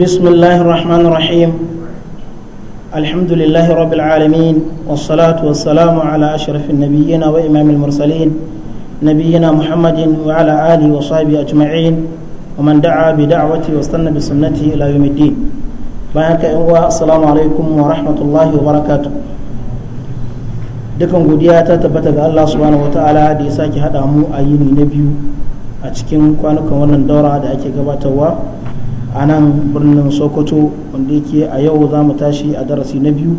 بسم الله الرحمن الرحيم الحمد لله رب العالمين والصلاة والسلام على أشرف النبيين وإمام المرسلين نبينا محمد وعلى آله وصحبه أجمعين ومن دعا بدعوته واستنى بسنته إلى يوم الدين بارك السلام عليكم ورحمة الله وبركاته dukan godiya ta tabbata ga Allah subhanahu wataala da ya sake hada mu a yini na biyu a cikin kwanukan wannan daura da ake gabatarwa a nan birnin sokoto wanda yake a yau za mu tashi a darasi na biyu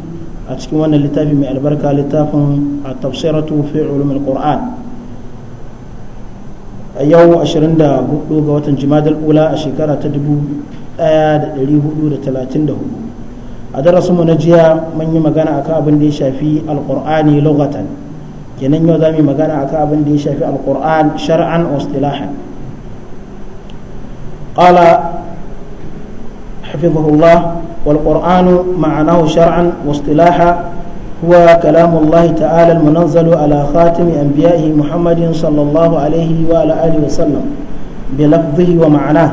a cikin wannan littafi mai albarka littafin a tafsiratu fi ulumul qur'an a yau 24 ga watan jimadal ula a shekara ta 1434 a darasin mu na jiya mun yi magana akan abin da ya shafi alqur'ani lughatan kenan yau za mu yi magana akan abin da ya shafi alqur'an shar'an wa istilahan qala حفظه الله والقرآن معناه شرعا واصطلاحا هو كلام الله تعالى المنزل على خاتم أنبيائه محمد صلى الله عليه وعلى آله وسلم بلفظه ومعناه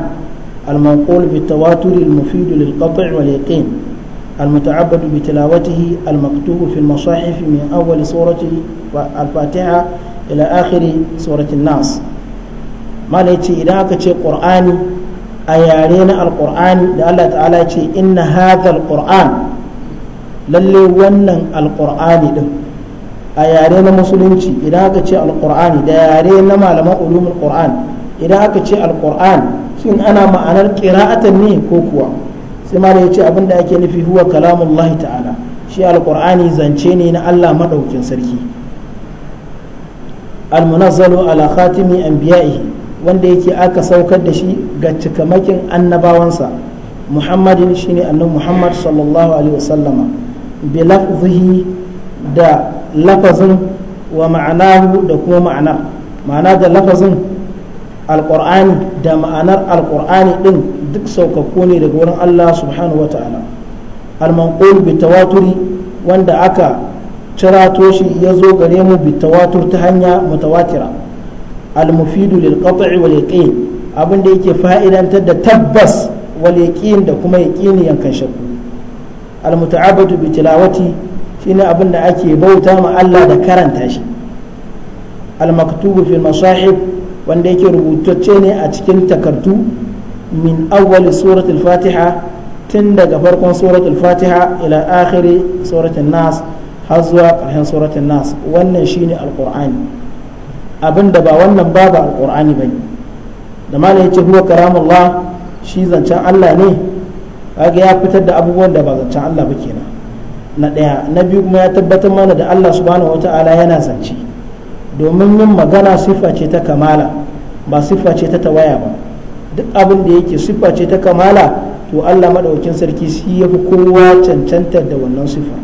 المنقول بالتواتر المفيد للقطع واليقين المتعبد بتلاوته المكتوب في المصاحف من أول سورة الفاتحة إلى آخر سورة الناس ما ليتي إذا قرآني a yare na alkur'ani da Allah ta'ala ce inna hadha alqur'an lalle wannan alkur'ani din a yare na musulunci idan aka ce alkur'ani da yare na malaman ulumul qur'an idan aka ce alkur'an shin ana ma'anar qira'atan ne ko kuwa sai ma da yace abin da ake nufi huwa kalamullahi ta'ala shi alkur'ani zance ne na Allah madaukin sarki المنزل على خاتم أنبيائه wanda yake aka saukar da shi ga cikamakin annabawansa muhammadin shine annabi muhammad sallallahu alaihi wasallama bi lafzihi da lafazin wa ma'anahu da kuma ma'ana ma'ana da lafazin alƙur'ani da ma'anar alƙur'ani din duk saukakku ne daga wurin Allah subhanahu wa ta'ala al bi tawaturi wanda aka cirato shi ya zo gare mu bi tawatur ta hanya mutawatira al-mufidu lil qat'i abin da yake fa'idantar da tabbas wal yaqin da kuma yaƙini yankan shakku al-muta'abbadu bi tilawati shine abin da ake bauta ma Allah da karanta shi al-maktubu fil masahib wanda yake rubutacce ne a cikin takardu min awwal al fatiha tun daga farkon suratul fatiha ila akhiri suratul nas har zuwa ƙarshen suratul nas wannan shine alƙur'ani. abin da ba wannan babu ba ne da malam yace huwa karamullah shi zancen Allah ne kaga ya fitar da abubuwan da ba zancen Allah ba kenan na ɗaya na biyu kuma ya tabbatar mana da Allah subhanahu wataala yana zance domin yin magana siffa ce ta kamala ba siffa ce ta tawaya ba duk abin da yake siffa ce ta kamala to Allah maɗaukin sarki shi yafi kowa cancantar da wannan siffa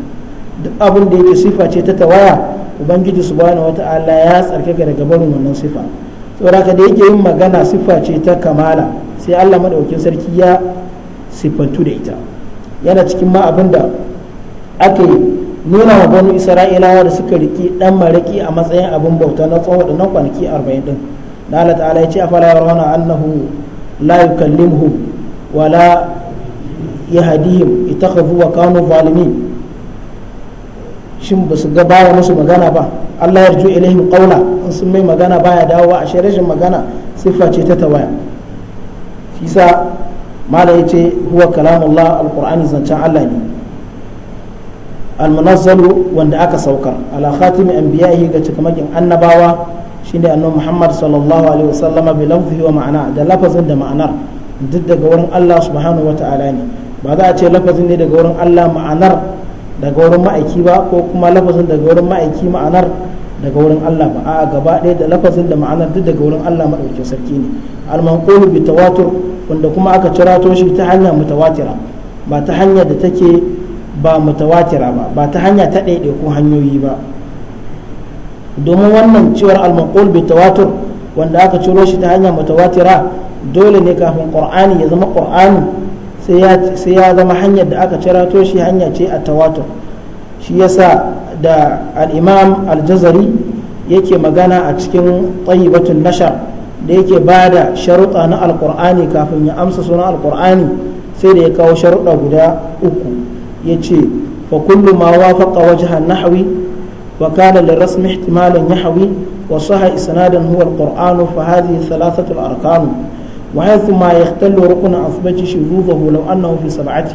duk abin da yake siffa ce ta tawaya ubangiji subhanahu ta'ala ya tsarkaka daga barin wannan sifa tsoraka da yake yin magana sifa ce ta kamala sai allah maɗaukin sarki ya siffantu da ita yana cikin ma abin da aka yi nuna wa banu isra'ilawa da suka riƙe ɗan mariki a matsayin abin bauta na tsawon waɗannan kwanaki arba'in ɗin. da allah ta'ala ya ce a afala wani annahu la yukallimhum wala yahdihim ittakhadhu wa kanu zalimin shin ba su ga baya musu magana ba Allah ya rju ilaihim qawla in sun mai magana baya dawo a shi rashin magana siffa ce ta tawaya shi sa mala yace huwa kalamullah alqur'ani zancen Allah ne al-munazzalu wanda aka saukar ala khatimi anbiya'ihi ga cikamakin annabawa shine annabi Muhammad sallallahu alaihi wasallama bi lafzihi wa ma'ana da lafazin da ma'anar duk daga wurin Allah subhanahu wa ta'ala ne ba za a ce lafazin ne daga wurin Allah ma'anar daga wurin ma'aiki ba ko kuma lafazin daga wurin ma'aiki ma'anar daga wurin Allah ba a gaba ɗaya da lafazin da ma'anar duk daga wurin Allah maɗauki sarki ne al-manqulu bi tawatur wanda kuma aka cirato shi ta hanya mutawatira ba ta hanya da take ba mutawatira ba ba ta hanya ta ko hanyoyi ba domin wannan cewar al-manqul bi tawatur wanda aka ciro shi ta hanya mutawatira dole ne kafin qur'ani ya zama qur'ani sai ya zama hanyar da aka cirato shi hanya ce a tawatur shi yasa da al'imam aljazari yake magana a cikin tsayibatun nashar da yake ba da sharuɗa na alkur'ani kafin ya amsa sunan alkur'ani sai da ya kawo sharuɗa guda uku ya ce fa kullu ma wafaqa wajhan nahwi wa kana lirasm ihtimalan yahwi wa saha isnadan huwa alqur'anu fa hadhihi thalathatu arkan وحيث ما يختل ركن أصبج شذوذه لو أنه في سبعته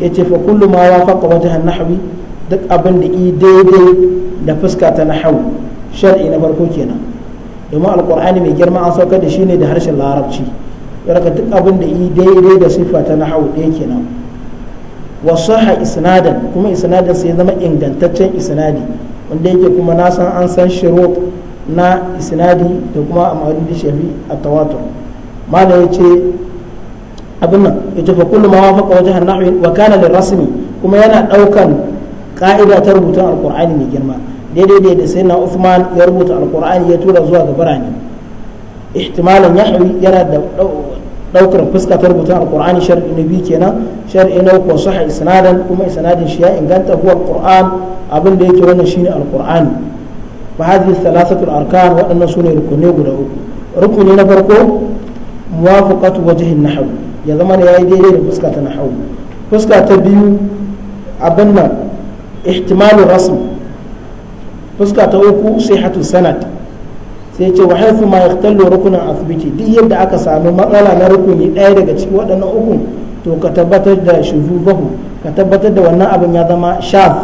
yace fa kullu ma wafaqa wajhan nahwi duk abin da i daidai da fuska ta nahwu shar'i na farko kenan domin alqur'ani mai girma a saukar da shi ne da harshen larabci yaraka duk abin da i daidai da siffa ta nahwu ɗaya kenan wa sahha isnadan kuma isnadan sai zama ingantaccen isnadi wanda yake kuma na san an san shurut na isnadi da kuma amadu da shafi a tawatur malam ya ce abin nan ya ce fa kullu ma wafaqa wajhan nahwi wa kana rasmi kuma yana ɗaukan ka'ida ta rubutun alkur'ani mai girma daidai da sai na usman ya rubuta alkur'ani ya tura zuwa ga birane ihtimalan yahwi yana da ɗaukar fuska ta rubutun alkur'ani shar'i na biyu kenan shar'i na uku sahih isnadan kuma isnadin shi ya inganta huwa alqur'an abin da yake wannan shine alkur'ani fa hadhihi thalathatu arkan waɗannan sune rukunai guda uku rukuni na farko muwafaqatu na hau ya zama ya yi daidai da fuska ta hau fuska ta biyu abin nan ihtimalur fuska ta uku sanad sai ce wa haifu ma yaktallu rukunan asibiti duk yadda aka sami matsala na rukuni ɗaya daga cikin waɗannan uku to ka tabbatar da shuzubahu ka tabbatar da wannan abin ya zama shaf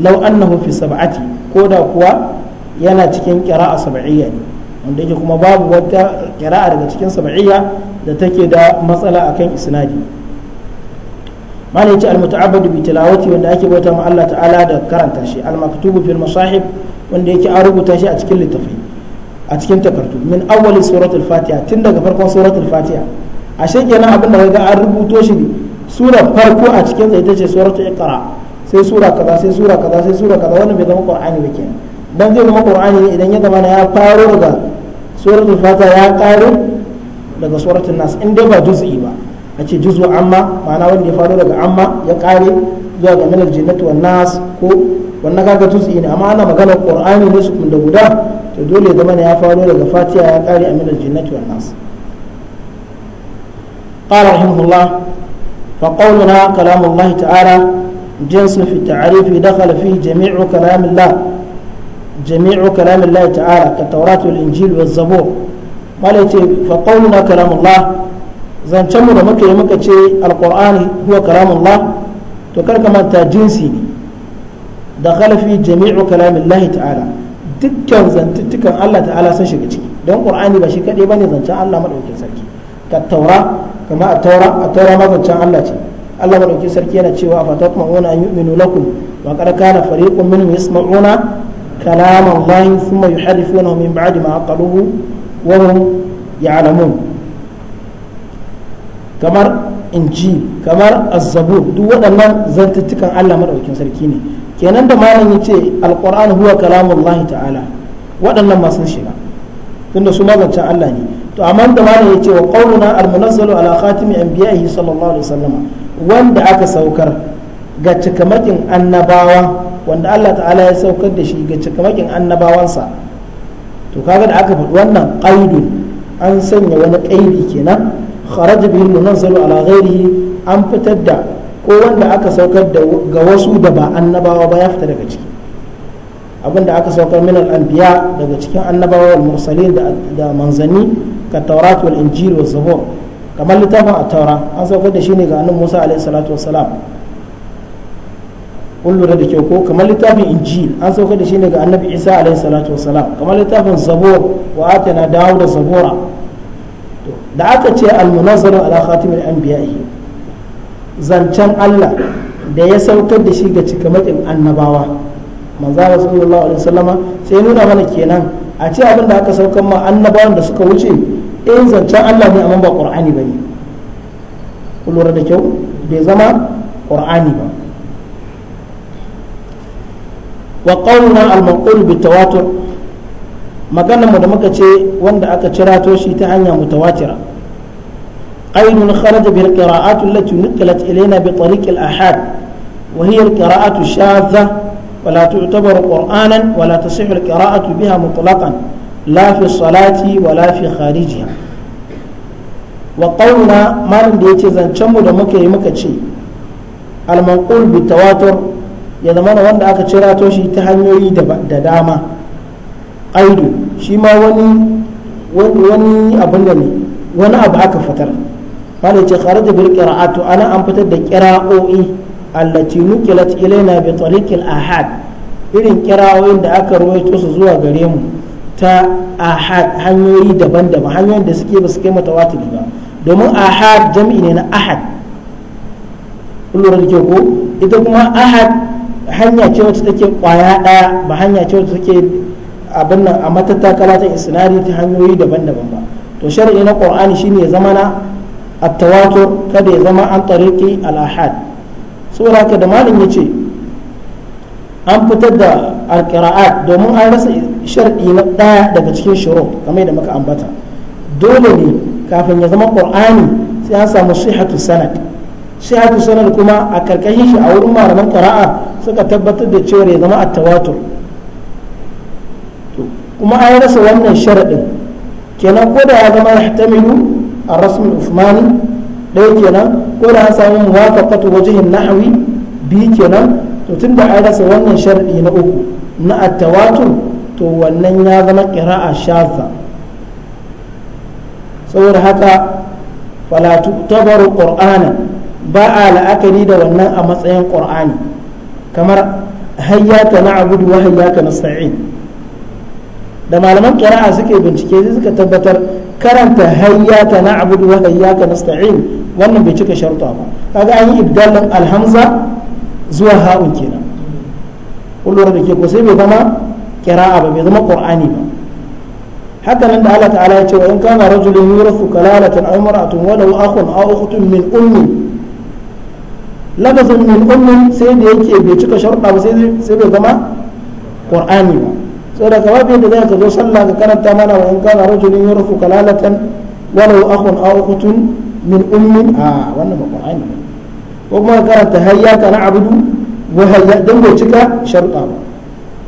lau annahu fi sab'ati ko da kuwa yana cikin kira a sab'iyya ne wanda yake kuma babu wata kira'a daga cikin sam'iyya da take da matsala akan isnadi malai ce almuta'abbadu bi tilawati wanda ake bauta ma Allah ta'ala da karanta shi al almaktubu fil masahib wanda yake an rubuta shi a cikin littafi a cikin takardu min awwali suratul fatiha tun daga farkon suratul fatiha ashe kenan abin da kaga an rubuto shi surar farko a cikin ita ce suratul iqra sai sura kaza sai sura kaza sai sura kaza wannan bai zama qur'ani ba kenan dan zai zama qur'ani idan ya zama ya faro daga suratul fata ya ƙare daga suratul nas in dai ba juz'i ba a ce juz'u amma ma'ana wanda ya faru daga amma ya kare zuwa ga minal jinnati wan nas ko wannan kaga juz'i ne amma ana magana qur'ani ne su da guda to dole da mana ya faru daga fatiha ya kare a minal jinnati wan nas قال رحمه الله فقولنا كلام الله تعالى جنس في التعريف دخل فيه جميع كلام الله جميع كلام الله تعالى كالتوراة والإنجيل والزبور قالت فقولنا كلام الله زن تمر مكة مكة القرآن هو كلام الله تكر كما جنسي دخل في جميع كلام الله تعالى dukkan zantuttukan Allah ta'ala sun shiga ciki don qur'ani ba shi kadai bane zancen Allah madaukakin sarki ka taura kama a taura a taura ma zancen Allah ce Allah madaukakin sarki yana cewa fa taqma'una an yu'minu lakum na qad kana yasma'una كلام الله ثم يحرفونه من بعد ما عقلوه وهم يعلمون كمر kamar azzabur duk waɗannan zantattukan Allah maɗaukin sarki ne kenan da malam ya ce alƙur'an huwa kalamullahi ta'ala waɗannan masu shiga tunda su mazancin Allah ne to amma da malam ya ce wa qawluna almunazzalu ala khatimi anbiya'ihi wanda aka saukar ga cikamakin annabawa wanda Allah ta'ala ya saukar da shi ga cikamakin annabawansa to kaga da aka faɗi wannan qaidun an sanya wani qaidi kenan kharaja bihi munazzalu ala ghairihi an fitar da ko wanda aka saukar da ga wasu da ba annabawa ba ya fita daga ciki abinda aka saukar min al-anbiya daga cikin annabawa wal mursalin da da manzani ka tawrat wal injil wa zabur kamar littafin at-taura an saukar da shi ne ga annabi Musa alaihi salatu wassalam kun lura da kyau ko kamar littafin injil an sauka da shi ne ga annabi isa alayhi salatu wasalam kamar littafin Zabor wa na dawo da Zabora da aka ce almunazzaru ala khatimil anbiya'i zancen Allah da ya saukar da shi ga cikamakin annabawa manzo rasulullahi alaihi wasallama sai nuna mana kenan a ce abin da aka saukar ma annabawan da suka wuce in eh, zancen Allah ne amma ba qur'ani ba kun lura da kyau bai zama qur'ani ba wa qawluna al-manqul bitawatur maganar mu da muka ce wanda aka cirato shi ta hanya mutawatira قيد خرج بالقراءات التي نقلت إلينا بطريق الأحاد وهي القراءة الشاذة ولا تعتبر قرآنا ولا تصح القراءة بها مطلقا لا في الصلاة ولا في خارجها وقولنا ما لم يتزن كم دمك يمك المنقول بالتواتر ya zama wanda aka cirato shi ta hanyoyi da dama aido shi ma wani wani abin da ne wani abu aka fitar malai ce da bil ra'atu ana an fitar da qira'o'i allati nuqilat ilaina bi tariqil ahad irin qira'o'in da aka rawaito su zuwa gare mu ta ahad hanyoyi daban-daban hanyoyin da suke ba su kai mutawatiri ba domin ahad jam'i ne na ahad kullum da ko ita kuma ahad hanya ce wacce take kwaya daya ba hanya ce wacce take abin nan a matattakala ta isnadi ta hanyoyi daban-daban ba to shar'i na qur'ani shine ya zama na at-tawatur kada ya zama an tariqi al-ahad saboda haka da malam yace an fitar da al-qira'at domin an rasa shar'i na daya daga cikin shuru kamar da muka ambata dole ne kafin ya zama qur'ani sai an samu sihhatu sanad sihhatu sanad kuma a karkashin shi a wurin malaman qira'a suka tabbatar da cewa ya zama a tawatur kuma an rasa wannan sharaɗin kenan ko da ya zama ya hatamilu a rasmin usmani ɗaya kenan ko da an samu muwafaqatu wajihin nahawi biyu kenan to tunda an rasa wannan sharaɗi na uku na attawatur to wannan ya zama ƙira'a shaza saboda haka falatu tabaru qur'ana ba a la'akari da wannan a matsayin qur'ani kamar na abudu wa na nasta'in da malaman qira'a suke bincike sai suka tabbatar karanta na abudu wa na nasta'in wannan bai cika sharta ba kaga an yi ibdalin alhamza zuwa ha'un kenan kullum da ke sai bai zama qira'a ba bai zama qur'ani ba haka nan da Allah ta'ala ya ce wa in kana rajulun yurathu kalalatan aw imra'atun wa law akhun aw ukhtun min ummi lafazin min ummin sai da yake bai cika sharuɗa ba sai bai zama qur'ani ba saboda ka babu yadda zai ka zo sallah ka karanta mana wa in kana rajulun yurfu kalalatan walau akhun aw ukhtun min ummin a wannan ba qur'ani ba ko kuma karanta hayyaka abudu wa hayya dan bai cika sharuɗa ba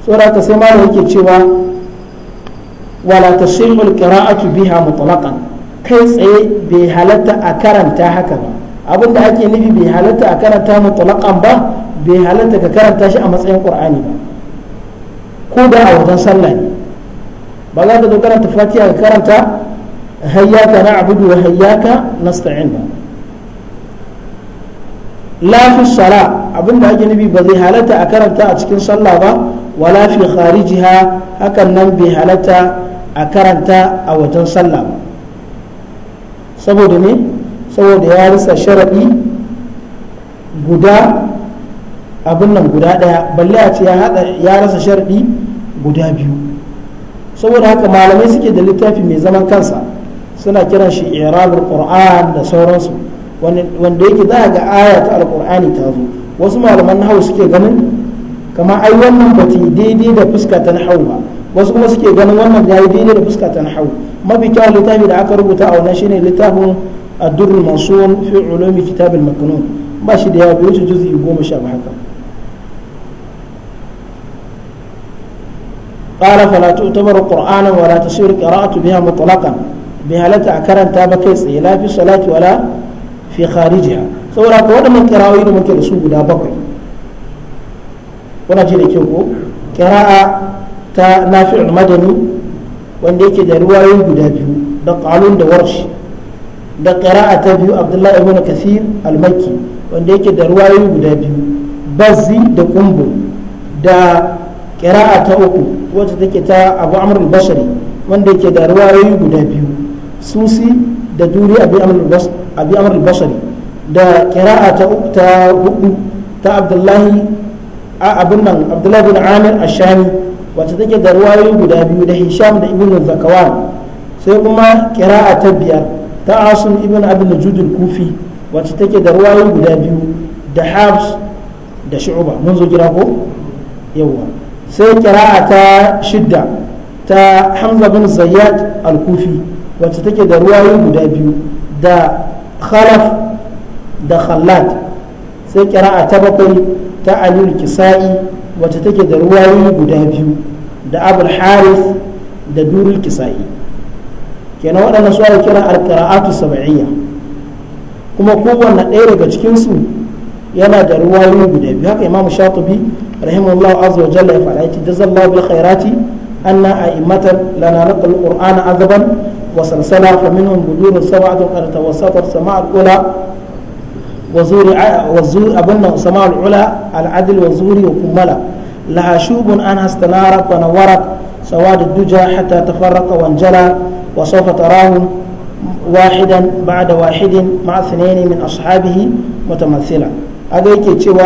saboda ka sai malam yake cewa wala tasihhu al-qira'atu biha mutlaqan kai tsaye bai halatta a karanta haka ba abinda ake nufi bai halatta a karanta mutlaqan ba bai halatta ka karanta shi a matsayin qur'ani ba ko da a wajen sallah ne ba za ka zo karanta fatiha ka karanta hayyaka na'budu wa hayyaka nasta'in ba la fi sala abinda ake nufi ba zai halatta a karanta a cikin sallah ba wala fi kharijiha hakan nan bai halatta a karanta a wajen sallah ba saboda ne saboda ya rasa sharaɗi guda abin nan guda ɗaya balle a ce ya rasa sharaɗi guda biyu saboda haka malamai suke da littafi mai zaman kansa suna kiran shi irabul qur'an da sauransu wanda yake za ga aya ta alqur'ani ta zo wasu malaman nahawu suke ganin kamar ai wannan ba ta daidai da fuska ta nahawu ba wasu kuma suke ganin wannan ya yi daidai da fuska ta nahawu mafi kyawun littafi da aka rubuta a wannan shine littafin الدر المنصور في علوم كتاب المكنون ماشي ده بيوت جزء يقوم شاب حكا قال فلا تعتبر قرآنا ولا تصير قراءة بها مطلقا بها لا تعكرن تابكيس لا في الصلاة ولا في خارجها saboda haka waɗannan kirawoyi da muke da su guda bakwai kuna ji da kyau ko kira'a ta nafi'ul madani wanda yake da ruwayoyi guda biyu da qalun da warshi da qira'a ta biyu abdullahi ibn kasir al-makki wanda yake da ruwayoyi guda biyu bazzi da kumbu da qira'a ta uku wacce take ta abu amr al-bashari wanda yake da ruwayoyi guda biyu susi da duri abi amr al-bashari da qira'a ta uku ta hudu ta abdullahi abin nan abdullahi bin amir ashami wacce take da ruwayoyi guda biyu da hisham da ibn zakawan sai kuma qira'a ta biyar ta asim ibn abin najudul kufi wacce take da ruwayoyi guda biyu da habs da shu'uba mun zo gida ko yawwa sai kira ta shidda ta hamza bin zayyad al-kufi wacce take da ruwayoyi guda biyu da khalaf da khallad sai kira ta bakwai ta alil kisa'i wacce take da ruwayoyi guda biyu da abul harith da durul kisa'i kenan waɗannan su ake kira alƙara'atu sab'iyya kuma kowanne ɗaya daga su yana da ruwayoyi guda biyu haka imamu shatubi rahimahullahu azza wa jalla ya faɗa yace jazallahu bil khairati anna a'immatan lana naqal qur'ana azaban wa salsala fa minhum budurun sab'atun qad tawassata sama'a al-ula wa zuri wa zuri abunna sama'a al-ula al-adl wa zuri wa kummala laha shubun an astanarat wa nawarat sawad ad-duja hatta tafarraqa wa وسوف تراهم واحدا بعد واحد مع اثنين من أصحابه متمثلا أجيك تشوى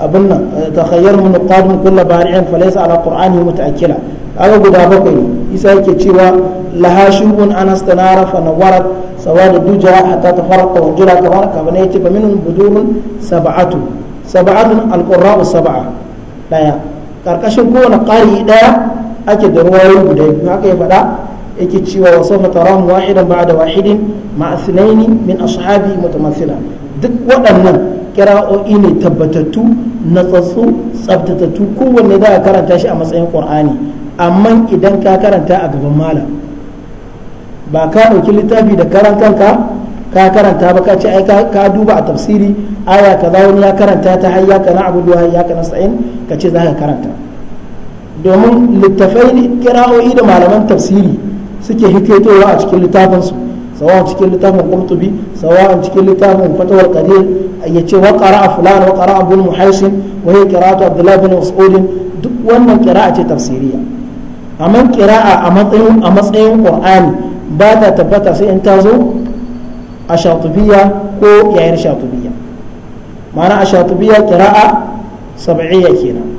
أبنا تخير من القادم كل بارع فليس على قرآنه متأكلا أجا قد أبقني إسايك تشوى لها شوب أنا استنار فنورت سواد الدجى حتى تفرق وانجلى تبارك فنيت فمنهم بدور سبعة سبعة القراء السبعة لا يا karkashin kowane ƙari ɗaya ake da ruwayoyi guda biyu haka ya faɗa yake cewa wa sawfa taramu wahidan ba'da wahidin ma asnaini min ashabi mutamathila duk waɗannan kira'o'i ne tabbatattu natsatsu tsabtatattu kowanne za ka karanta shi a matsayin qur'ani amma idan ka karanta a gaban mala ba ka ɗauki littafi da karantanka ka karanta ba ka ce ai ka duba a tafsiri aya kaza wani ya karanta ta hayya ka na abu ya hayya ka sa'in ka ce za ka karanta domin littafai kira'o'i da malaman tafsiri suke hiketowa a cikin littafinsu sawa cikin littafin qurtubi sawa cikin littafin fatawar qadir ya ce wa qara'a fulani wa qara'a ibn muhaisin wa hiya qira'atu abdullah bin mas'ud duk wannan qira'a ce tafsiriya amma qira'a a matsayin a matsayin qur'ani ba ta tabbata sai in ta zo a shatubiya ko yayin shatubiya ma'ana a shatubiya qira'a sab'iyya kenan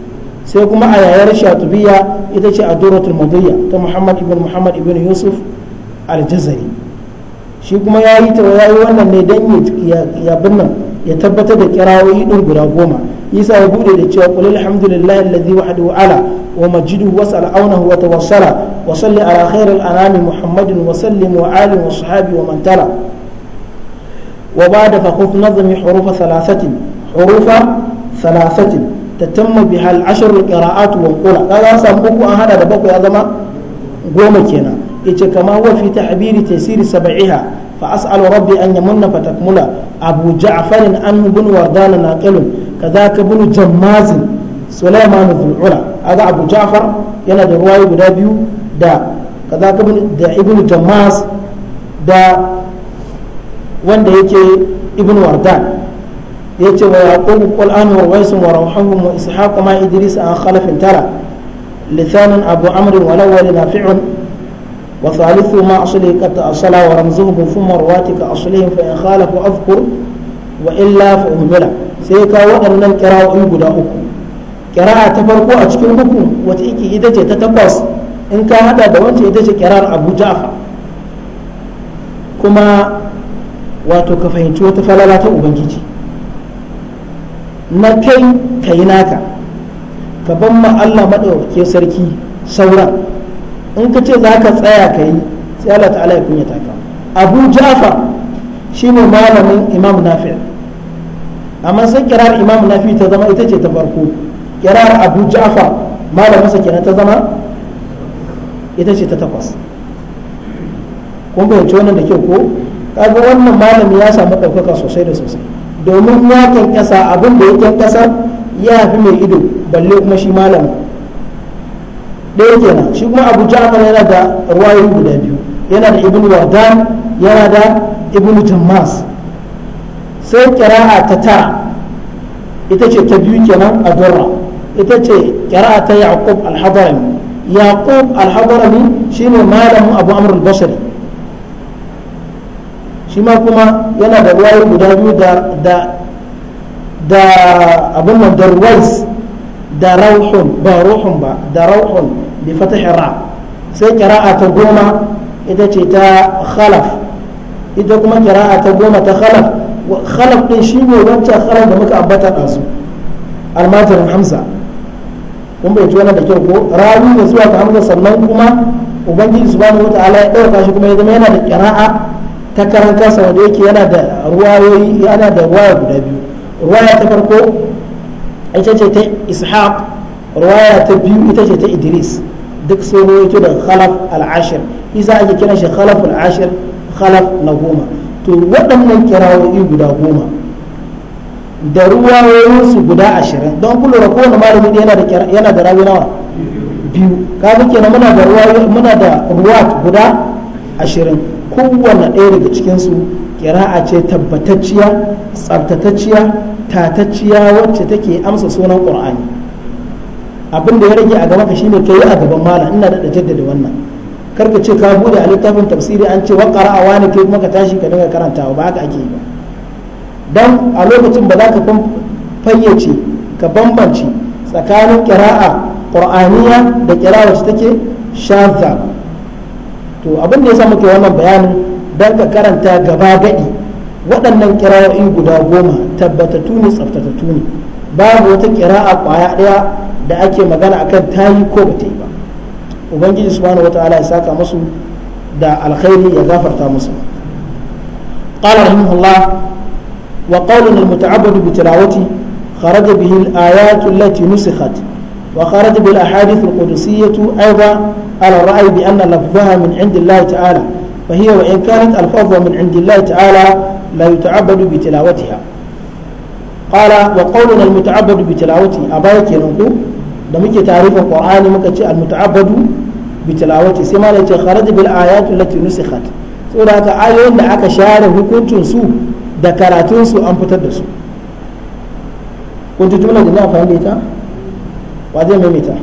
sai kuma a yayar shatubiya ita ce aduratul madiyya ta muhammad ibn muhammad ibn yusuf aljazari shi kuma ya yi yi wannan ne dan ya binnan ya tabbatar da kirawoyi din guda goma isa ya bude da cewa qul alhamdulillahi alladhi wahdahu ala wa majidu wa aunahu wa tawassala wa salli ala khairil anami muhammadin wa sallim wa ali wa sahabi wa man tala wa ba'da fa khuf nazmi hurufa thalathatin hurufa thalathatin tatamma biha al-ashr al-qira'at wa qula kaga an samu uku an hada da bakwai ya zama goma kenan yace kama huwa fi tahbiri tasiri sab'iha fa as'alu rabbi an yamunna fa takmula abu ja'far an ibn wardan naqil kadhaka ibn jammaz sulaiman ibn ula kaga abu ja'far yana da ruwayi guda biyu da kadhaka ibn da ibn jammaz da wanda yake ibn wardan yace wa yaqub qul an wa wais wa rawhum wa ishaq ma idris an khalaf tara lisan abu amr wa lawal nafi' wa thalithu ma asli qat asla wa ramzuhu thumma rawatika aslihim fa in khalafu afkur wa illa fa umila sai ka waɗannan kira'o'i guda uku kira'a ta farko a cikin uku wata iki ita ce ta tabbas in ka hada da wancan ita ce kirar abu kuma wato ka fahimci wata falala ta ubangiji na kai ka yi naka ka ban ma Allah maɗaukake sarki sauran in ka ce za ka tsaya ka yi sai Allah ta'ala ya kunya taka abu shi ne malamin imam nafi amma sai kirar imam nafi ta zama ita ce ta farko kirar abu jafa malamin sa kenan ta zama ita ce ta takwas kun fahimci wannan da kyau ko kaga wannan malami ya samu ɗaukaka sosai da sosai domin ya kyankyasa abin da ya kyankyasa ya fi mai ido balle kuma shi malam ɗaya kenan shi kuma abu ja'far yana da ruwayoyi guda biyu yana da ibn wardan yana da ibn jammas sai kira'a ta tara ita ce ta biyu kenan a dora ita ce kira'a ta yaqub al-hadrami yaqub al shine malamin abu amr al shi ma kuma yana da wayo guda biyu da da da abin nan da ruwais da rauhun ba ruhun ba da rauhun bi fatih ra sai kira'a ta goma ita ce ta khalaf ita kuma kira'a ta goma ta khalaf khalaf din shi ne wancan khalaf da muka ambata da su almajirin hamza kun bai wani da kyau ko rawi ne zuwa ga hamza sannan kuma ubangiji subhanahu wataala ya dauka shi kuma ya zama yana da kira'a ta karan kansa wanda yake yana da ruwayoyi yana da ruwaya guda biyu ruwaya ta farko ita ce ta ishaq ruwaya ta biyu ita ce ta idris duk sun rawaito da khalaf al-ashir isa ake kiran shi khalaf al-ashir khalaf na goma to waɗannan kirawoyi guda goma da ruwayoyinsu guda ashirin don kula da kowane malami yana da rawi nawa biyu kaga kenan muna da ruwa muna da ruwat guda ashirin kowane ɗaya daga cikinsu kira'a ce tabbatacciya tsabtatacciya tatacciya wacce take amsa sunan ƙur'ani abin da ya rage a gaba ka shine kai a gaban malam ina da jaddada wannan karka ce ka bude a littafin tafsiri an ce wanka ra'awa wani kai kuma ka tashi ka dinga karantawa ba haka ake yi ba dan a lokacin ba za ka fayyace ka bambance tsakanin kira'a ƙur'aniya da kira'a wacce take shadda to abin da ya samu ke wannan bayanin don ka karanta gaba gadi waɗannan kira'o'i guda goma tabbatattu ne tsaftatattu ne babu wata kira'a kwaya ɗaya da ake magana akan ta yi ko ba ta yi ba ubangiji subhanahu wataala ya saka musu da alkhairi ya gafarta musu قال رحمه الله وقولنا المتعبد kharaja خرج به الآيات التي نسخت وخرج بالأحاديث القدسية أيضا على الرأي بأن لفظها من عند الله تعالى فهي وإن كانت الفظ من عند الله تعالى لا يتعبد بتلاوتها قال وقولنا المتعبد بتلاوته أبايك ينقو دمك تعريف القرآن مكتشي المتعبد بتلاوته سما التي خرج بالآيات التي نسخت سورة آيات لعك شارع كنت سو دكاراتين سو أنفتد سو كنت جملة جميعا فهمتها wa zai maimaita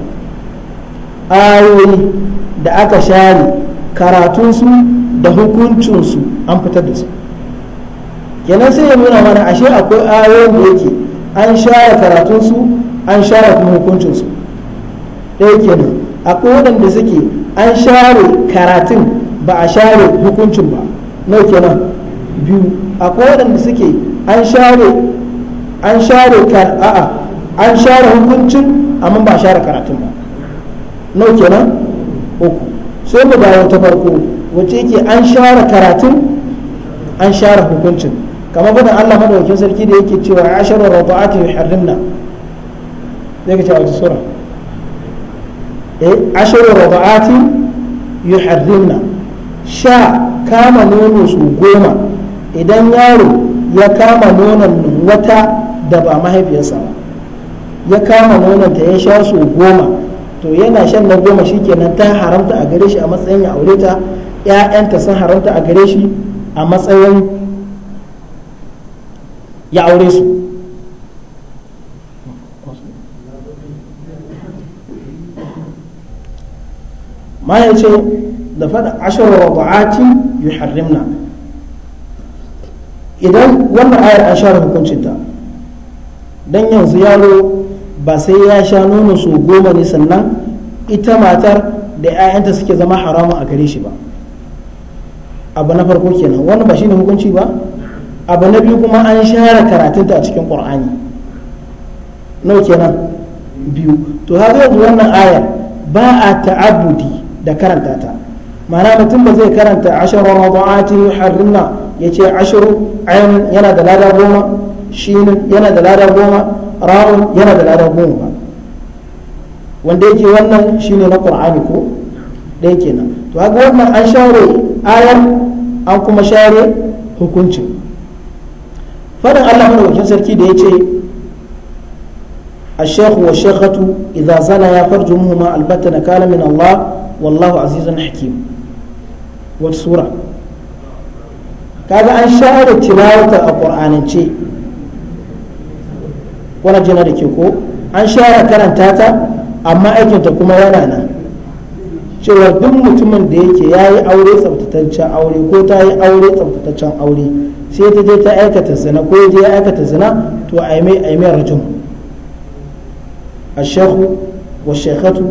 ayoyi da aka share karatunsu da hukuncinsu an fitar da su kenan sai ya nuna mana ashe akwai ayoyin da yake an share karatunsu an share kuma hukuncinsu ɗaya kenan akwai waɗanda suke an share karatun ba a share hukuncin ba nau kenan biyu akwai waɗanda suke an share an share a'a an share hukuncin amma ba a share karatun ba nau kenan uku sai mu dawo ta farko wacce yake an share karatun an share hukuncin kamar faɗin Allah madaukakin sarki da yake cewa asharu rabati yuharrimna zai ka a wata sura eh asharu rabati yuharrimna sha kama nono su goma idan yaro ya kama nonon wata da ba mahaifiyarsa ba ya kama nononta ya sha su goma to yana shan na goma shi kenan ta haramta a gare shi a matsayin ya aure ta ‘ya'yanta sun haramta a gare shi a matsayin ya aure su ma ya ce da faɗa ashirar rabu'ati yi harimna idan wannan ayar an share hukuncinta don yanzu yaro ba sai ya sha nono su goma ne sannan ita matar da 'ya'yanta suke zama haramu a gare shi ba abu na farko kenan wannan ba shi ne hukunci ba abu na biyu kuma an share karatunta a cikin qur'ani nau kenan biyu to haka yanzu wannan ayar ba a ta'abudi da karanta ta ma'ana mutum ba zai karanta ashirin rabu'ati harrinna ya ce ashiru ayan yana da lada goma shi yana da lada goma ra'un yana da lada goma wanda yake wannan shine na ƙur'ani ko ɗaya kenan to haka wannan an share ayar an kuma share hukuncin fadin Allah madaukakin sarki da ya ce الشيخ والشيخة إذا زنيا فرجمهما البتة نكالا من الله والله عزيز حكيم والسورة kaga an share tilawata a ƙur'anance wani jina da ke ko an share karanta ta amma aikinta kuma yana nan cewa duk mutumin da yake ya yi aure tsabtataccen aure ko ta yi aure tsabtataccen aure sai ta je ta aikata zina ko ya je ya aikata zina to a yi mai rajin ashahu wa shekatu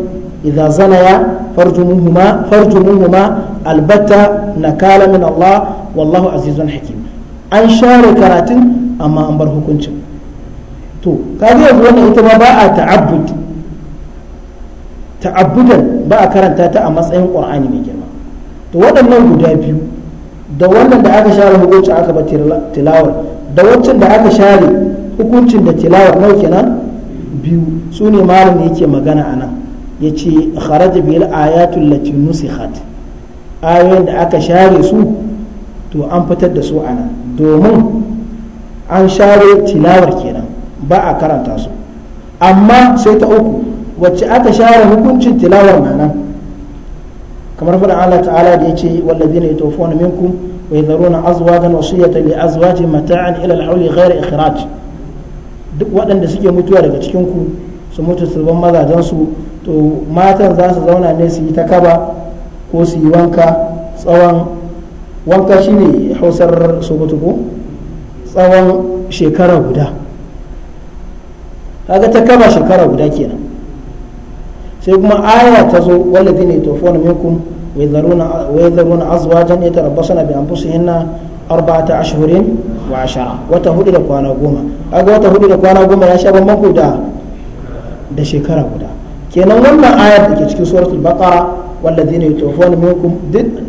idza zanaya farjumuhuma farjumuhuma albatta kala min Allah wallahu azizun hakim an share karatun amma an bar hukuncin to kaga yanzu wannan ita ma ba a ta'abbud ta'abbudan ba a karanta ta a matsayin qur'ani mai girma to waɗannan guda biyu da wannan da aka share hukuncin aka ba tilawar da wancan da aka share hukuncin da tilawar nawa kenan biyu su ne malam yake magana a nan ya ce kharaja bil ayatul lati nusikhat ayoyin da aka share su to an fitar da su a nan domin an share tilawar kenan ba a karanta su amma sai ta uku wacce aka share hukuncin tilawar ma'ana kamar fadin Allah ta'ala da ya ce wallazi ne tofona minkum wa yadharuna azwajan wasiyatan li azwaji mata'an ila al-hawli ikhraj duk waɗanda suke mutuwa daga cikin ku su mutu su ban mazajen su to matan za su zauna ne su yi ta kaba ko su yi wanka tsawon wanka shine hausar sokoto ko tsawon shekara guda kaga ta kama shekara guda kenan sai kuma aya ta zo tofo na minkum wa yadharuna wa yadharuna azwajan yatarabbasuna bi arba ta ashirin wa ashara wata hudu da kwana goma kaga wata hudu da kwana goma ya sha mako da da shekara guda kenan wannan ayar da ke cikin suratul baqara tofo na minkum duk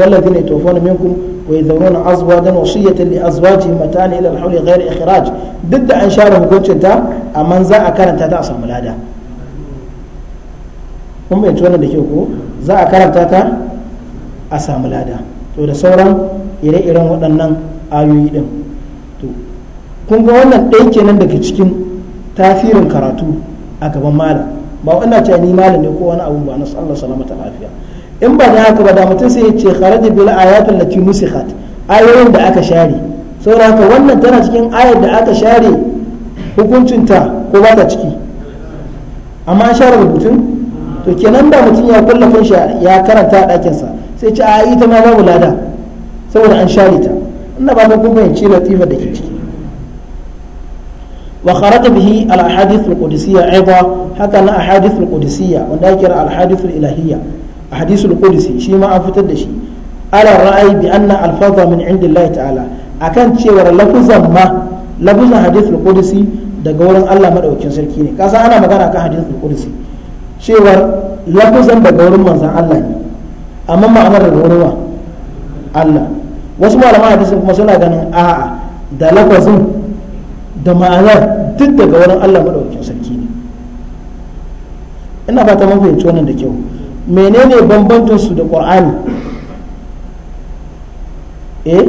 والذين يتوفون منكم ويذرون أزواجا وصية لأزواجهم متاعا إلى الحول غير إخراج ضد أن شارهم كنت تا أمن زاء كانت تاتا أصلا ملادا هم يتوانا لكيوكو da ke ko za a karanta ta a samu lada to da sauran ire-iren waɗannan ayoyi ɗin kun ga wannan ɗaya kenan daga cikin tasirin karatu a gaban malam ba wannan ni malam ne ko wani abu ba na sallar ta lafiya in ba da haka ba da mutum sai ya ce kharaja bil ayatul lati nusikhat ayoyin da aka share saboda haka wannan tana cikin ayar da aka share hukuncinta ko ba ta ciki amma an share rubutun to kenan ba mutum ya kulla kanshi ya karanta a ɗakinsa sai ce a ita ma babu lada saboda an share ta ina ba ta kun fahimci latifa da ke ciki bihi وخرج به الأحاديث القدسية أيضا حتى أحاديث القدسية وذكر الأحاديث ilahiyya a hadisul qudsi shi ma an fitar da shi ala ra'ayi bi anna alfaza min indillahi ta'ala akan cewar lafuzan ma lafuzan hadisul qudsi daga wurin Allah madaukakin sarki ne kasa ana magana kan hadisul qudsi cewar lafuzan daga wurin manzon Allah ne amma ma'anar daga wurin Allah wasu malaman hadisin kuma suna ganin a'a da lafazin da ma'anar duk daga wurin Allah madaukakin sarki ne ina fata mun fahimci wannan da kyau menene bambantun su da qur'ani eh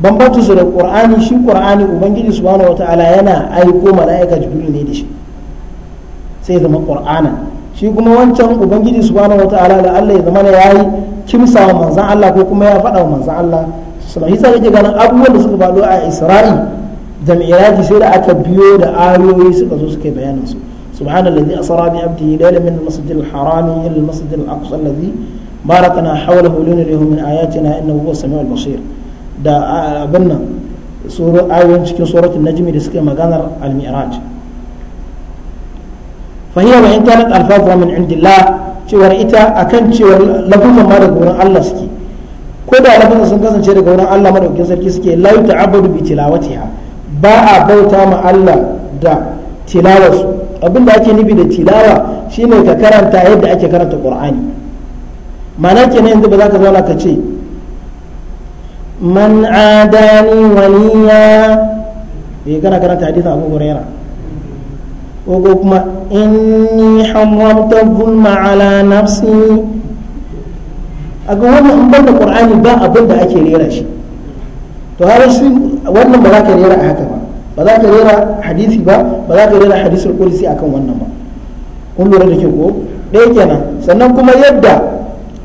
bambancin su da qur'ani shi qur'ani ubangiji subhanahu wataala yana aiko mala'ika jibril ne da shi sai zama qur'ana shi kuma wancan ubangiji subhanahu wataala da Allah ya zama ne yayi kimsa wa manzon Allah ko kuma ya faɗa wa manzon Allah sallallahu alaihi wasallam ganin abubuwan da suka faɗo a Isra'i da Mi'raji sai da aka biyo da ayoyi suka zo suka bayanin su سبحان الذي أسرى بعبده ليلا من المسجد الحرام إلى المسجد الأقصى الذي باركنا حوله لنريه من آياتنا إنه هو السميع البصير da abin a ayoyin cikin suratul najmi da suke maganar al-mi'raj fa hiya wa in min cewar ita akan cewar lafuzan ma daga wurin Allah suke ko da sun kasance daga wurin Allah madaukakin sarki suke la abudu bi tilawatiha ba a bauta ma Allah da tilawarsu abinda ake nufi da tilawa shine ka karanta yadda ake karanta qur'ani mana kenan yanzu ba za ka zauna ka ce man adani waliya eh kana karanta hadisin Abu Huraira ko kuma inni haramta zulma ala nafsi a ga wannan in banda qur'ani ba abinda ake rera shi to har shi wannan ba za ka rera a haka ba ba za ka rera hadisi ba ba za ka rera hadisul qudsi akan wannan ba kun lura da ke ko ɗaya kenan sannan kuma yadda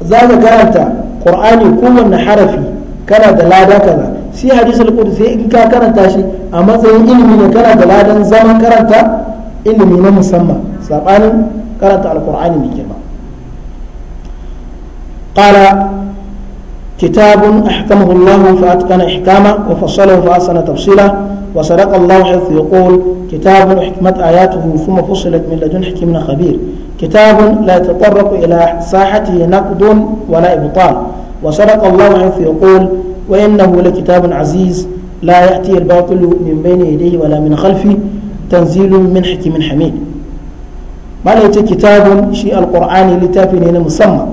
za ka karanta qur'ani kowanne harafi kana da lada kaza shi hadisul qudsi in ka karanta shi a matsayin ilimi ne kana da ladan zaman karanta ilimi na musamman sabanin karanta alqur'ani mai girma qala kitabun ahkamahu Allah fa atqana ihkama wa fassalahu asana tafsila وصدق الله حيث يقول كتاب حكمت آياته ثم فصلت من لدن حكيم خبير كتاب لا يتطرق إلى ساحته نقد ولا إبطال وصدق الله حيث يقول وإنه لكتاب عزيز لا يأتي الباطل من بين يديه ولا من خلفه تنزيل من حكيم حميد بل كتاب شيء القرآن لتافنين مسمى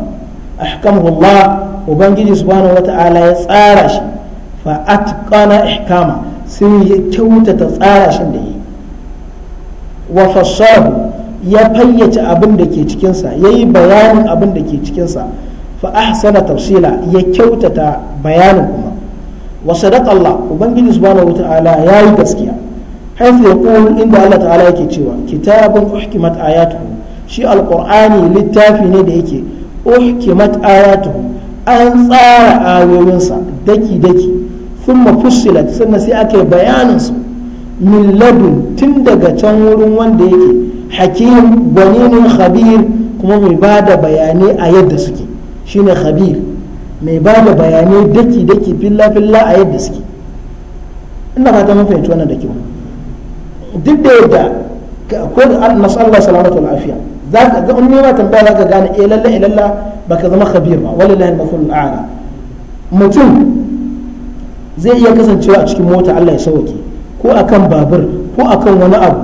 أحكمه الله وبنجي سبحانه وتعالى يسأل فأتقن إحكامه sai ya kyautata tsara shin da yi wa fassahu ya fayyace abin da ke cikinsa ya yi bayanin abin da ke cikinsa fa ahsana tafsila ya kyautata bayanin kuma wa sadaqa Allah ubangiji subhanahu wataala yayi gaskiya haythu yaqul inda Allah ta'ala yake cewa kitabun uhkimat ayatuhu shi alqur'ani littafi ne da yake uhkimat ayatuhu an tsara ayoyinsa daki daki thumma fussilat sannan sai aka yi su min ladun tun daga can wurin wanda yake hakim gwaninin khabir kuma mai ba da bayanai a yadda suke shine khabir mai ba da bayanai daki daki filla filla a yadda suke ina fata mun fahimci na da kyau duk da yadda ko nasallahu salamatu al'afiya za ka ga ummi ma tambaya za ka gane eh ilalla eh lalla baka zama khabir ba wallahi al-maful a'la mutum zai iya kasancewa a cikin mota Allah ya sauke ko akan babur ko akan wani abu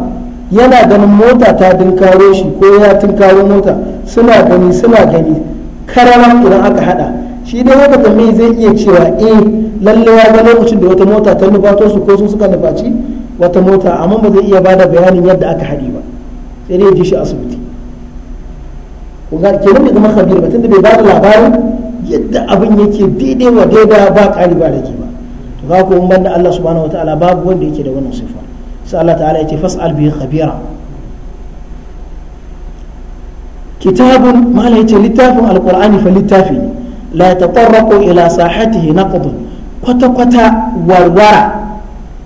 yana ganin mota ta dinkaro shi ko ya tinkaro mota suna gani suna gani karama idan aka hada shi dai haka tambayi zai iya cewa eh lalle ya ga lokacin da wata mota ta nufato su ko su suka nufaci wata mota amma ba zai iya bada bayanin yadda aka hadi ba sai dai ji shi asibiti ko ga kenan bai zama khabir ba tunda bai bada labarin yadda abin yake daidai wa daida ba ƙari ba rage to ga in banda Allah subhanahu wataala babu wanda yake da wannan sifa sai Allah ta'ala ya ce fas'al bihi khabira kitabun mala yace littafin alqur'ani fa littafi la tatarraqu ila sahatihi naqd kwata kwata warwara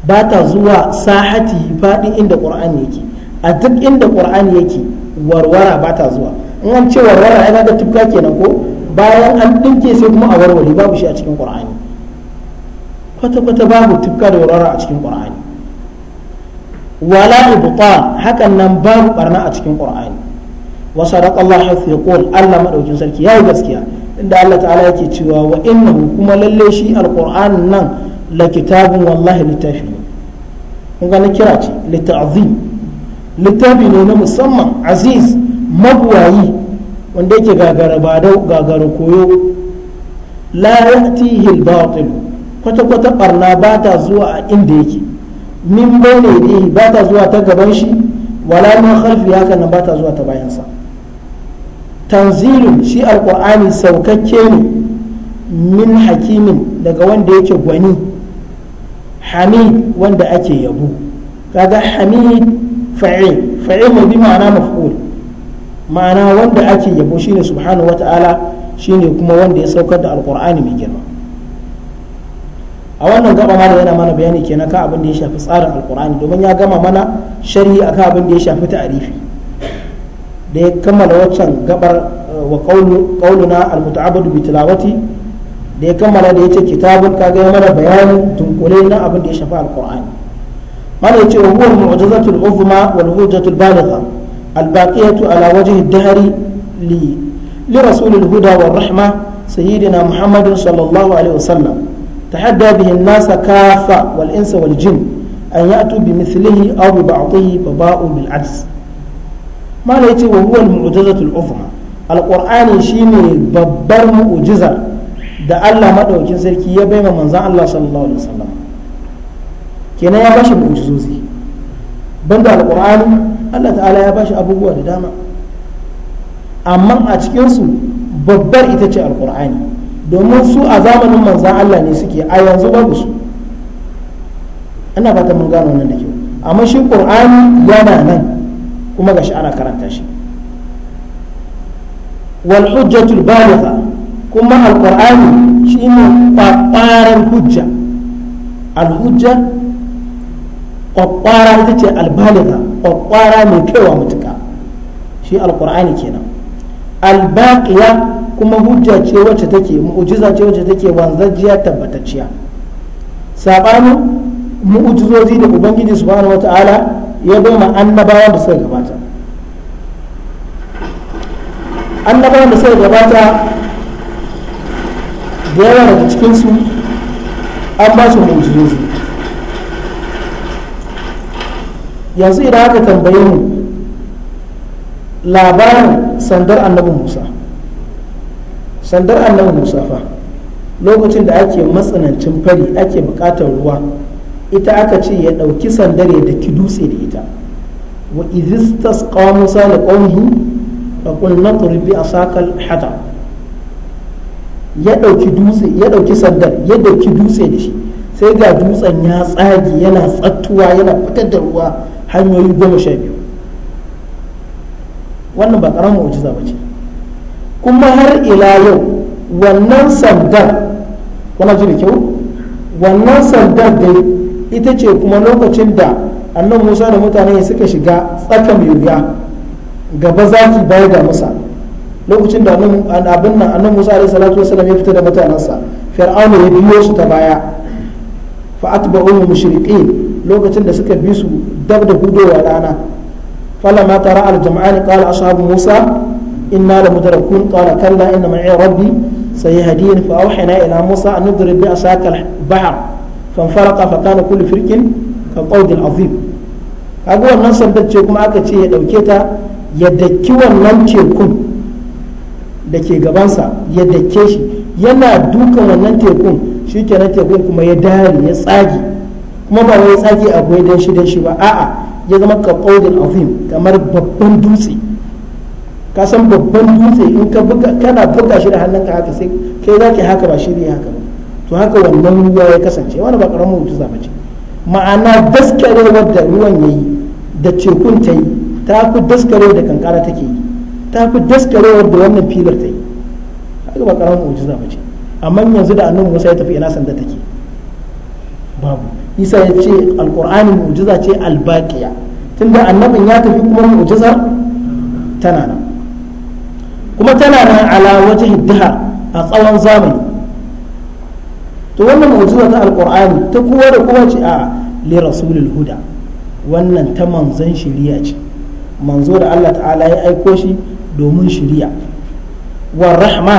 ba ta zuwa sahati faɗi inda ƙur'ani yake a duk inda ƙur'ani yake warwara ba ta zuwa in an ce warwara ya ga tufka kenan ko bayan an ɗinke sai kuma a warware babu shi a cikin ƙur'ani kwata-kwata babu tufka da warwara a cikin ƙur'ani wala ibtan hakan nan babu barna a cikin ƙur'ani wa sadaqa Allah hafi yaqul Allah madaukin sarki yayi gaskiya inda Allah ta'ala yake cewa wa innahu kuma lalle shi alqur'anin nan la kitabun wallahi littafi kun ga na kira ce littafi ne na musamman aziz magwayi wanda yake gagara badau gagara koyo la ya'tihi al-batil kwata-kwata barna ba ta zuwa a inda yake min bane yadihi ba ta zuwa ta gaban shi wala min khalfi haka nan ba ta zuwa ta bayansa tanzirin shi alqur'ani saukakke ne min hakimin daga wanda yake gwani hamid wanda ake yabo kaga hamid fa'il fa'il mai bi ma'ana maf'ul ma'ana wanda ake yabo shine subhanahu wata'ala shine kuma wanda ya saukar da alqur'ani mai girma a wannan gaba ma da yana mana bayani kenan kan abin da ya shafi tsarin alkur'ani domin ya gama mana sharhi akan abin da ya shafi ta'arifi da ya kammala waccan gabar eh, wa qauluna almuta'abbadu bi tilawati da ya kammala da yace kitabun kaga ya mana bayani tunkule na abin da ya shafi alkur'ani mana yace wa huwa mu'jizatu al-uzma wal hujjatu al-baligha al-baqiyatu ala wajhi ad-dahri li li rasulil huda war rahma sayyidina muhammadin sallallahu alaihi تحدى به الناس كافة والإنس والجن أن يأتوا بمثله أو ببعضه فباءوا بالعجز ما ليتي وهو المعجزة العظمى القرآن شيني ببر معجزة da Allah madaukin sarki ya bai manzan Allah sallallahu alaihi wasallam kenan ya bashi mu'jizozi banda alqur'ani Allah ta'ala ya bashi abubuwa da dama amma a cikin su babbar ita ce alƙur'ani. domin su a zamanin manzan Allah ne suke a yanzu babu su ana fata mun gano wannan da kyau amma shi qur'ani yana nan kuma gashi ana karanta shi wal hujjatul baligha kuma alqur'ani shine kwakwaran hujja al hujja kwakwara ita ce albaligha kwakwara mai kaiwa mutuka shi alqur'ani kenan albaqiya kuma hujja ce wacce take mu'ujiza ce wacce take wanzajjiya tabbatacciya sabanin mu'ujizozi da ubangiji subhanahu wata'ala ya bai annabawan da suka gabata annabawan da suka gabata da yawa daga cikinsu an ba su mu'ujizozi yanzu idan aka tambaye mu labarin sandar annabin musa sandar annabi musa lokacin da ake matsanancin fari ake bukatar ruwa ita aka ce ya ɗauki sandar ya daki dutse da ita wa idhis tasqa musa li fa qul bi asaqal hata ya ɗauki dutse ya ɗauki sandar ya ɗauki dutse da shi sai ga dutsen ya tsage yana tsattuwa yana fitar da ruwa hanyoyi goma sha biyu wannan ba ƙaramin mu'jiza ba ce kuma har ila yau wannan sandar kuna ji da kyau wannan sandar dai ita ce kuma lokacin da annan musa da mutane suka shiga tsakan yuga gaba zaki baya ga musa lokacin da abin nan annan musa alaihi salatu wasallam ya fita da mutanensa fir'aunu ya biyo su ta baya fa atba'uhu mushriqin lokacin da suka bi su dab da gudowa rana فلما ترى الجمعان قال ashabu musa. إنا لمدركون قال كلا إن معي ربي سيهدين فأوحينا إلى موسى أن نضرب بعصاك البحر فانفلق فكان كل فرق كالقود العظيم أقول الناس بدأت كما أكتشي يدوكيتا يدكي ونم تيكم da ke gabansa ya dake shi yana dukan wannan tekun shi kenan tekun kuma ya dare ya tsage kuma ba wai tsage a gwai dan shi dan shi ba a'a ya zama ka azim kamar babban dutse ka san babban dutse in ka buga kana buga shi da hannunka haka sai kai za ki haka ba shi ne haka ba to haka wannan ruwa ya kasance wani ba karamin mutu zaba ce ma'ana daskarewar da ruwan ya yi da tekun ta yi ta fi daskarewar da kankara take yi ta fi daskarewar da wannan filar ta yi haka ba karamin mutu zaba ce amma yanzu da annabi Musa ya tafi ina sanda take babu isa ya ce alqur'ani mu'jiza ce albaqiya tunda annabin ya tafi kuma mu'jizar tana nan kuma tana nan ala wajen hiddaha a tsawon zamani to wannan mu'jiza ta alqur'ani ta kowa da kowa ce a li rasulul huda wannan ta manzon shirya ce manzo da Allah ta'ala ya aiko shi domin shirya wa rahma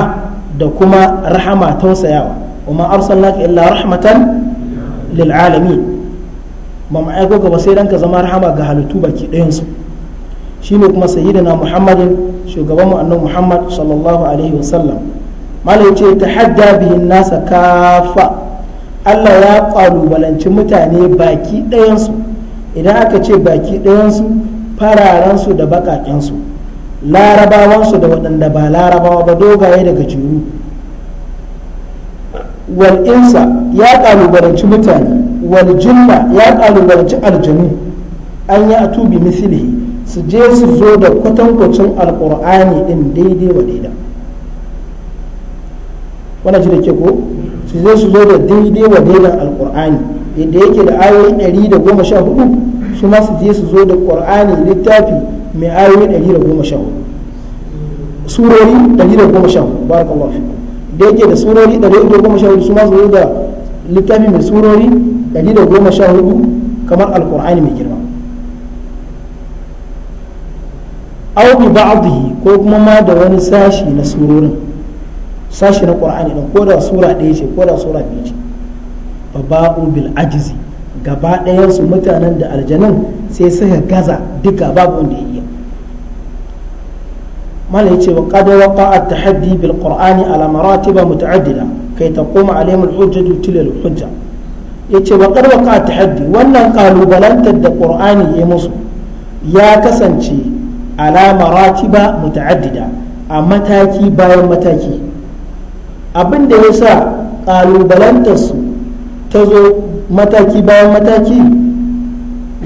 da kuma rahama tausayawa wa arsalnaka illa rahmatan lil alamin ba mu aiko ka ba sai dan zama rahama ga halittu baki ɗayan su shine kuma sayyidina muhammadin shugabanmu annabi muhammad sallallahu alaihi wasallam malai ce ta hadda bihin nasa kafa allah ya kwalubalanci mutane baki ɗayansu idan aka ce baki ɗayansu fararensu da baƙaƙensu larabawansu da waɗanda ba larabawa ba dogaye daga jiru wal insa ya kalubalanci mutane wal jinna ya kalubalanci aljanu an yi atubi mislihi su je su zo da kwatankwacin alkur'ani din daidai wa daida wannan shi da ke ko su je su zo da daidai wa daidan alkur'ani yadda yake da ayoyi 114 da goma sha hudu su ma su je su zo da kur'ani littafi mai ayoyi 114 da goma sha surori 114 da goma sha fi da yake da surori 114 da goma sha su ma su zo da littafi mai surori 114 da goma sha kamar alkur'ani mai aw bi ba'dhi ko kuma ma da wani sashi na surorin sashi na qur'ani din ko da sura ɗaya ce ko da sura biyu ce baba'u bil ajzi gaba ɗayan su mutanen da aljanan sai suka gaza duka babu wanda ya mala yace wa qad waqa at tahaddi bil qur'ani ala maratiba muta'addida kai taqum alaihim al hujjatu tilal hujja yace wa qad waqa at tahaddi wannan kalubalantar da qur'ani ya musu ya kasance alama ratiba muta'addida a mataki bayan mataki abin da ya sa ƙalubalantarsu ta zo mataki bayan mataki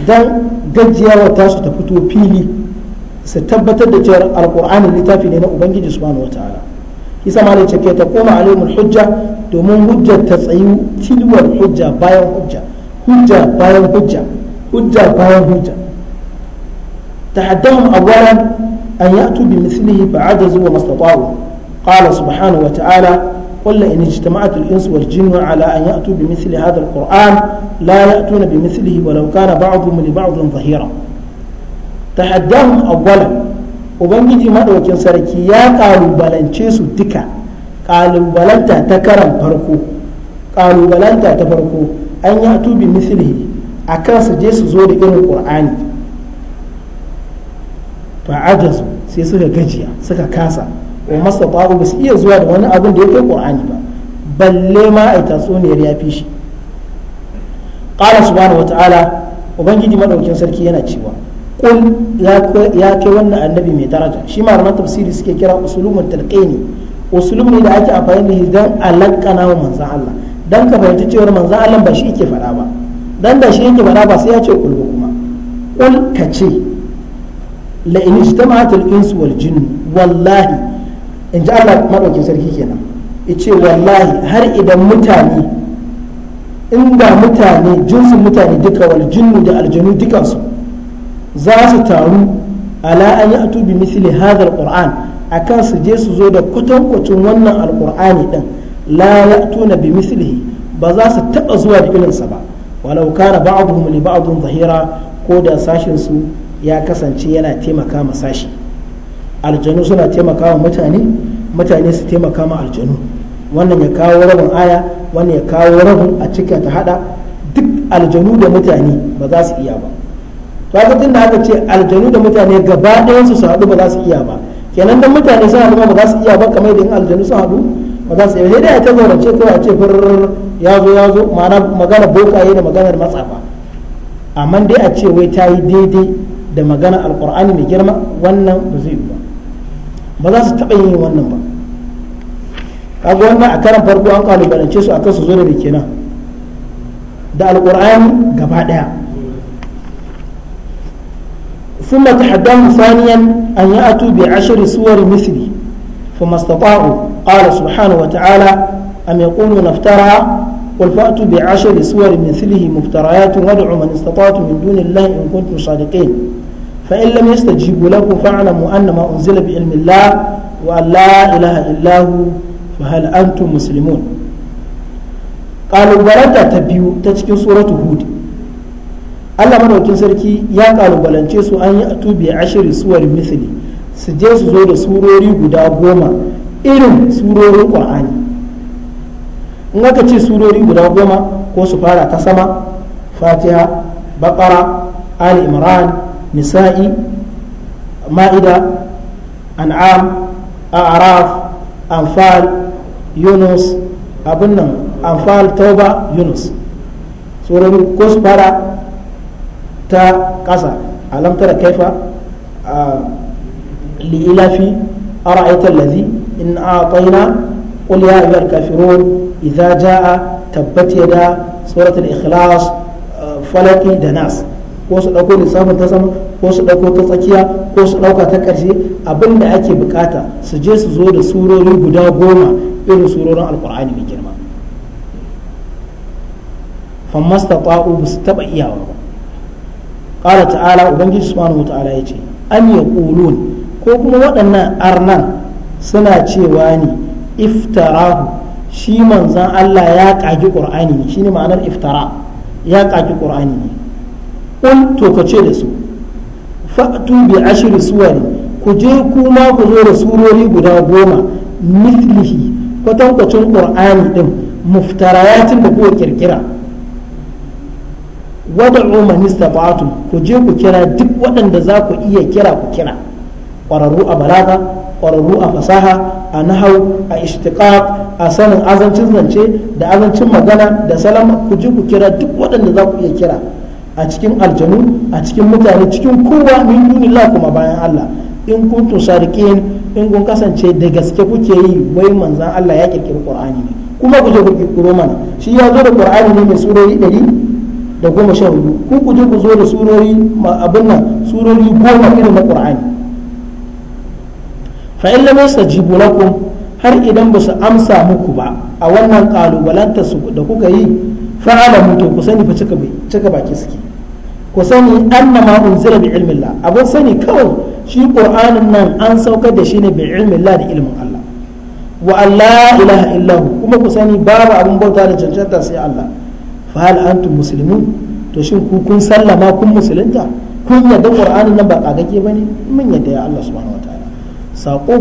don gajiyawa tasu ta fito fili su tabbatar da cewar alkur'ani littafi ne na ubangiji subhanahu wataala isa ma da cike ta koma alimul hujja domin hujja ta tsayu tilwar hujja bayan hujja hujja bayan hujja hujja bayan hujja تحدهم أولا أن يأتوا بمثله فعجزوا وما استطاعوا قال سبحانه وتعالى قل لئن اجتمعت الإنس والجن على أن يأتوا بمثل هذا القرآن لا يأتون بمثله ولو كان بعضهم لبعض ظهيرا تحداهم أولا وبنجي ما لو كان سركي يا قالوا بلنشيسو تكا قالوا بلنتا تكرم فرقو قالوا بلنتا تفرقو أن يأتوا بمثله أكاس جيسو زوري إلى القرآن fa'ajazu sai suka gajiya suka kasa wa masa babu ba su iya zuwa da wani abin da ya kai ƙwa'ani ba balle ma ai tatsuniyar ya fi shi ƙara qala subhanahu wata'ala ubangiji maɗaukin sarki yana cewa ƙun ya kai wannan annabi mai daraja shi malaman tafsiri suke kira usulumin talqini usulum ne da ake amfani da shi don alakana wa manzan Allah dan ka fahimci cewar manzan Allah ba shi yake faɗa ba dan da shi yake faɗa ba sai ya ce kul kuma kul ka ce la in ijtama'at al insu wal wallahi in ji Allah madaukin sarki kenan yace wallahi har idan mutane inda mutane jinsin mutane duka wal jinnu da aljanu dukansu za su taru ala an ya'tu bi misli hadha al-qur'an akan su je su zo da kwatankwacin wannan alqur'ani din la ya'tuna bi mislihi ba za su taba zuwa da irinsa ba walau kana ba'dhum li ba'dhin zahira ko da sashin su ya kasance yana taimaka ma sashi aljanu suna taimaka wa mutane mutane su taimaka ma aljanu wannan ya kawo rabin aya wannan ya kawo rabin a cikin ta hada duk aljanu da mutane ba za su iya ba To lokacin da aka ce aljanu da mutane gaba ɗayan su haɗu ba za su iya ba kenan dan mutane sun haɗu ba za su iya ba kamar da aljanu sun haɗu ba za su iya sai dai a ta zaurance kawai a ce fir ya zo ya zo ma'ana magana bokaye da maganar matsafa amma dai a ce wai ta yi daidai da magana alkur'ani mai girma wannan ba zai yi ba ba za su taɓa yin wannan ba kaga wannan a karan farko an kalubalance su akan su zo da kenan da alkur'ani gaba ɗaya ثم تحداهم ثانيا أن يأتوا بعشر سور مثلي فما استطاعوا قال سبحانه وتعالى أم يقولون افترى قل فأتوا بعشر سور مثله مفتريات وادعوا من استطعتم من دون الله إن كنتم صادقين فإن لم يستجيبوا له فاعلموا أن ما أنزل بعلم الله وأن لا إله إلا هو فهل أنتم مسلمون قالوا برتا تبيو تشكي سورة هود Allah madaukin sarki ya kalubalance su an yi atubi ashiri suwar misli su je su zo da surori guda goma irin surorin ƙwa'ani in aka ce surori guda goma ko su fara ta sama fatiha baƙara ali imran nisa'i ma'ida an'am a'raf anfal yunus abin nan anfal tauba yunus tsoron kusfara ta ƙasa alamtara kaifa a li'ilafi a ra'aitar lazi in a ƙaina ƙuliya yiyar kafirun a ja'a tabbat yada tsoratul ikhlas falaki da nas ko su ɗauko lissafin ta sama ko su ɗauko ta tsakiya ko su ɗauka ta ƙarshe abin da ake bukata su je su zo da surori guda goma irin surorin alkur'ani mai girma fammasta ƙwa'u ba su taɓa iyawa ba ƙara ta'ala ubangiji subhanahu wa ta'ala ya ce an ya ƙulun ko kuma waɗannan arnan suna cewa ne iftarahu shi manzan Allah ya ƙagi ƙur'ani ne shine ma'anar iftara ya ƙagi ƙur'ani ne kun to ce da su fa'atu bi ashri suwari ku je kuma ku zo da surori guda goma mislihi kwatankwacin qur'ani din muftarayatin da kuka kirkira wada'u man istata'tum ku je ku kira duk waɗanda za ku iya kira ku kira ƙwararru a balaga ƙwararru a fasaha a nahau a ishtiqaq a sanin azancin zance da azancin magana da salama ku je ku kira duk waɗanda za ku iya kira a cikin aljanu a cikin mutane cikin kowa min dunillah kuma bayan Allah in kuntum sadiqin in kun kasance da gaske kuke yi wai manzan Allah ya kirkiri Qur'ani ne kuma ku je ku kirkiro mana shi ya zo da Qur'ani ne mai surori 100 da goma sha hudu ku ku je ku zo da surori abin nan surori goma irin na Qur'ani fa in lam yastajibu lakum har idan ba su amsa muku ba a wannan su da kuka yi fa'ala mutu ku sani fa cika baki suke ku sani anna ma unzila bi ilmi la abin sani kawai shi qur'anin nan an saukar da shi ne bi ilmin la da ilmin Allah wa Allah ilaha illahu kuma ku sani babu abin bauta da cancanta sai Allah fa hal antum muslimun to shin ku kun sallama kun musulunta kun yadda qur'anin nan ba kagage bane mun yadda ya Allah subhanahu wataala saqo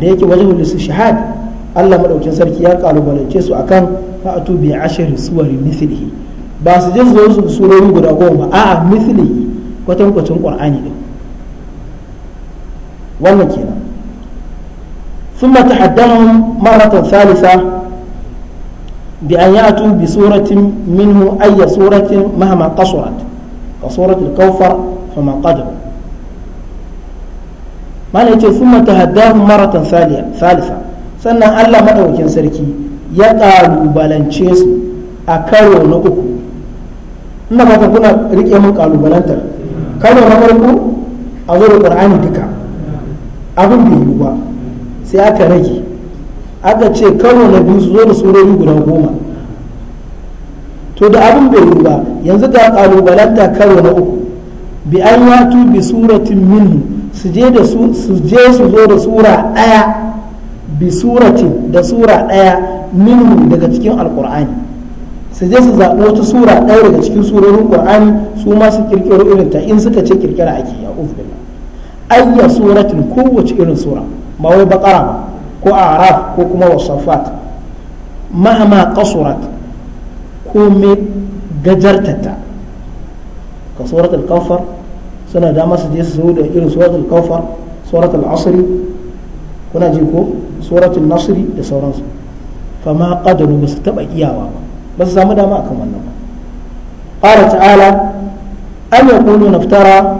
da yake wajen lissu shahad Allah madaukin sarki ya kalubalance su akan fa'atu bi ashri suwari mithlihi ba su je zo su surori guda goma a'a mithlihi kwatankwacin qur'ani din wannan kenan ثم تحدهم مرة ثالثة بأن يأتوا بصورة منه أي صورة مهما قصرت كصورة الكوثر فما قدر ما ثم تهداهم مرة ثالثة sannan Allah maɗaukin sarki ya ƙalubalance su a karo na uku ina ka kuna riƙe mun ƙalubalantar karo na farko a zo da ƙur'ani duka abin bai yiwu ba sai aka rage aka ce karo na biyu su zo da surori guda goma to da abin bai yiwu ba yanzu ga ƙalubalanta karo na uku bi an yatu bi suratin minhu su je su zo da sura ɗaya bisuratin da sura ɗaya minhu daga cikin alkur'ani su je su zaɓi wata sura ɗaya daga cikin surorin qur'ani su ma su kirkiro irin ta in suka ce kirkira ake ya uzbilla ayya suratin kowace irin sura ba wai baqara ba ko araf ko kuma wasafat mahama qasurat ko me gajartata ka suratul kafar suna da masu je su zo da irin suratul kafar suratul asri kuna ji ko suratul nasri da sauransu fama qadaru ba su taba iyawa ba ba su samu dama akan wannan ba qala ta'ala ya yaqulu naftara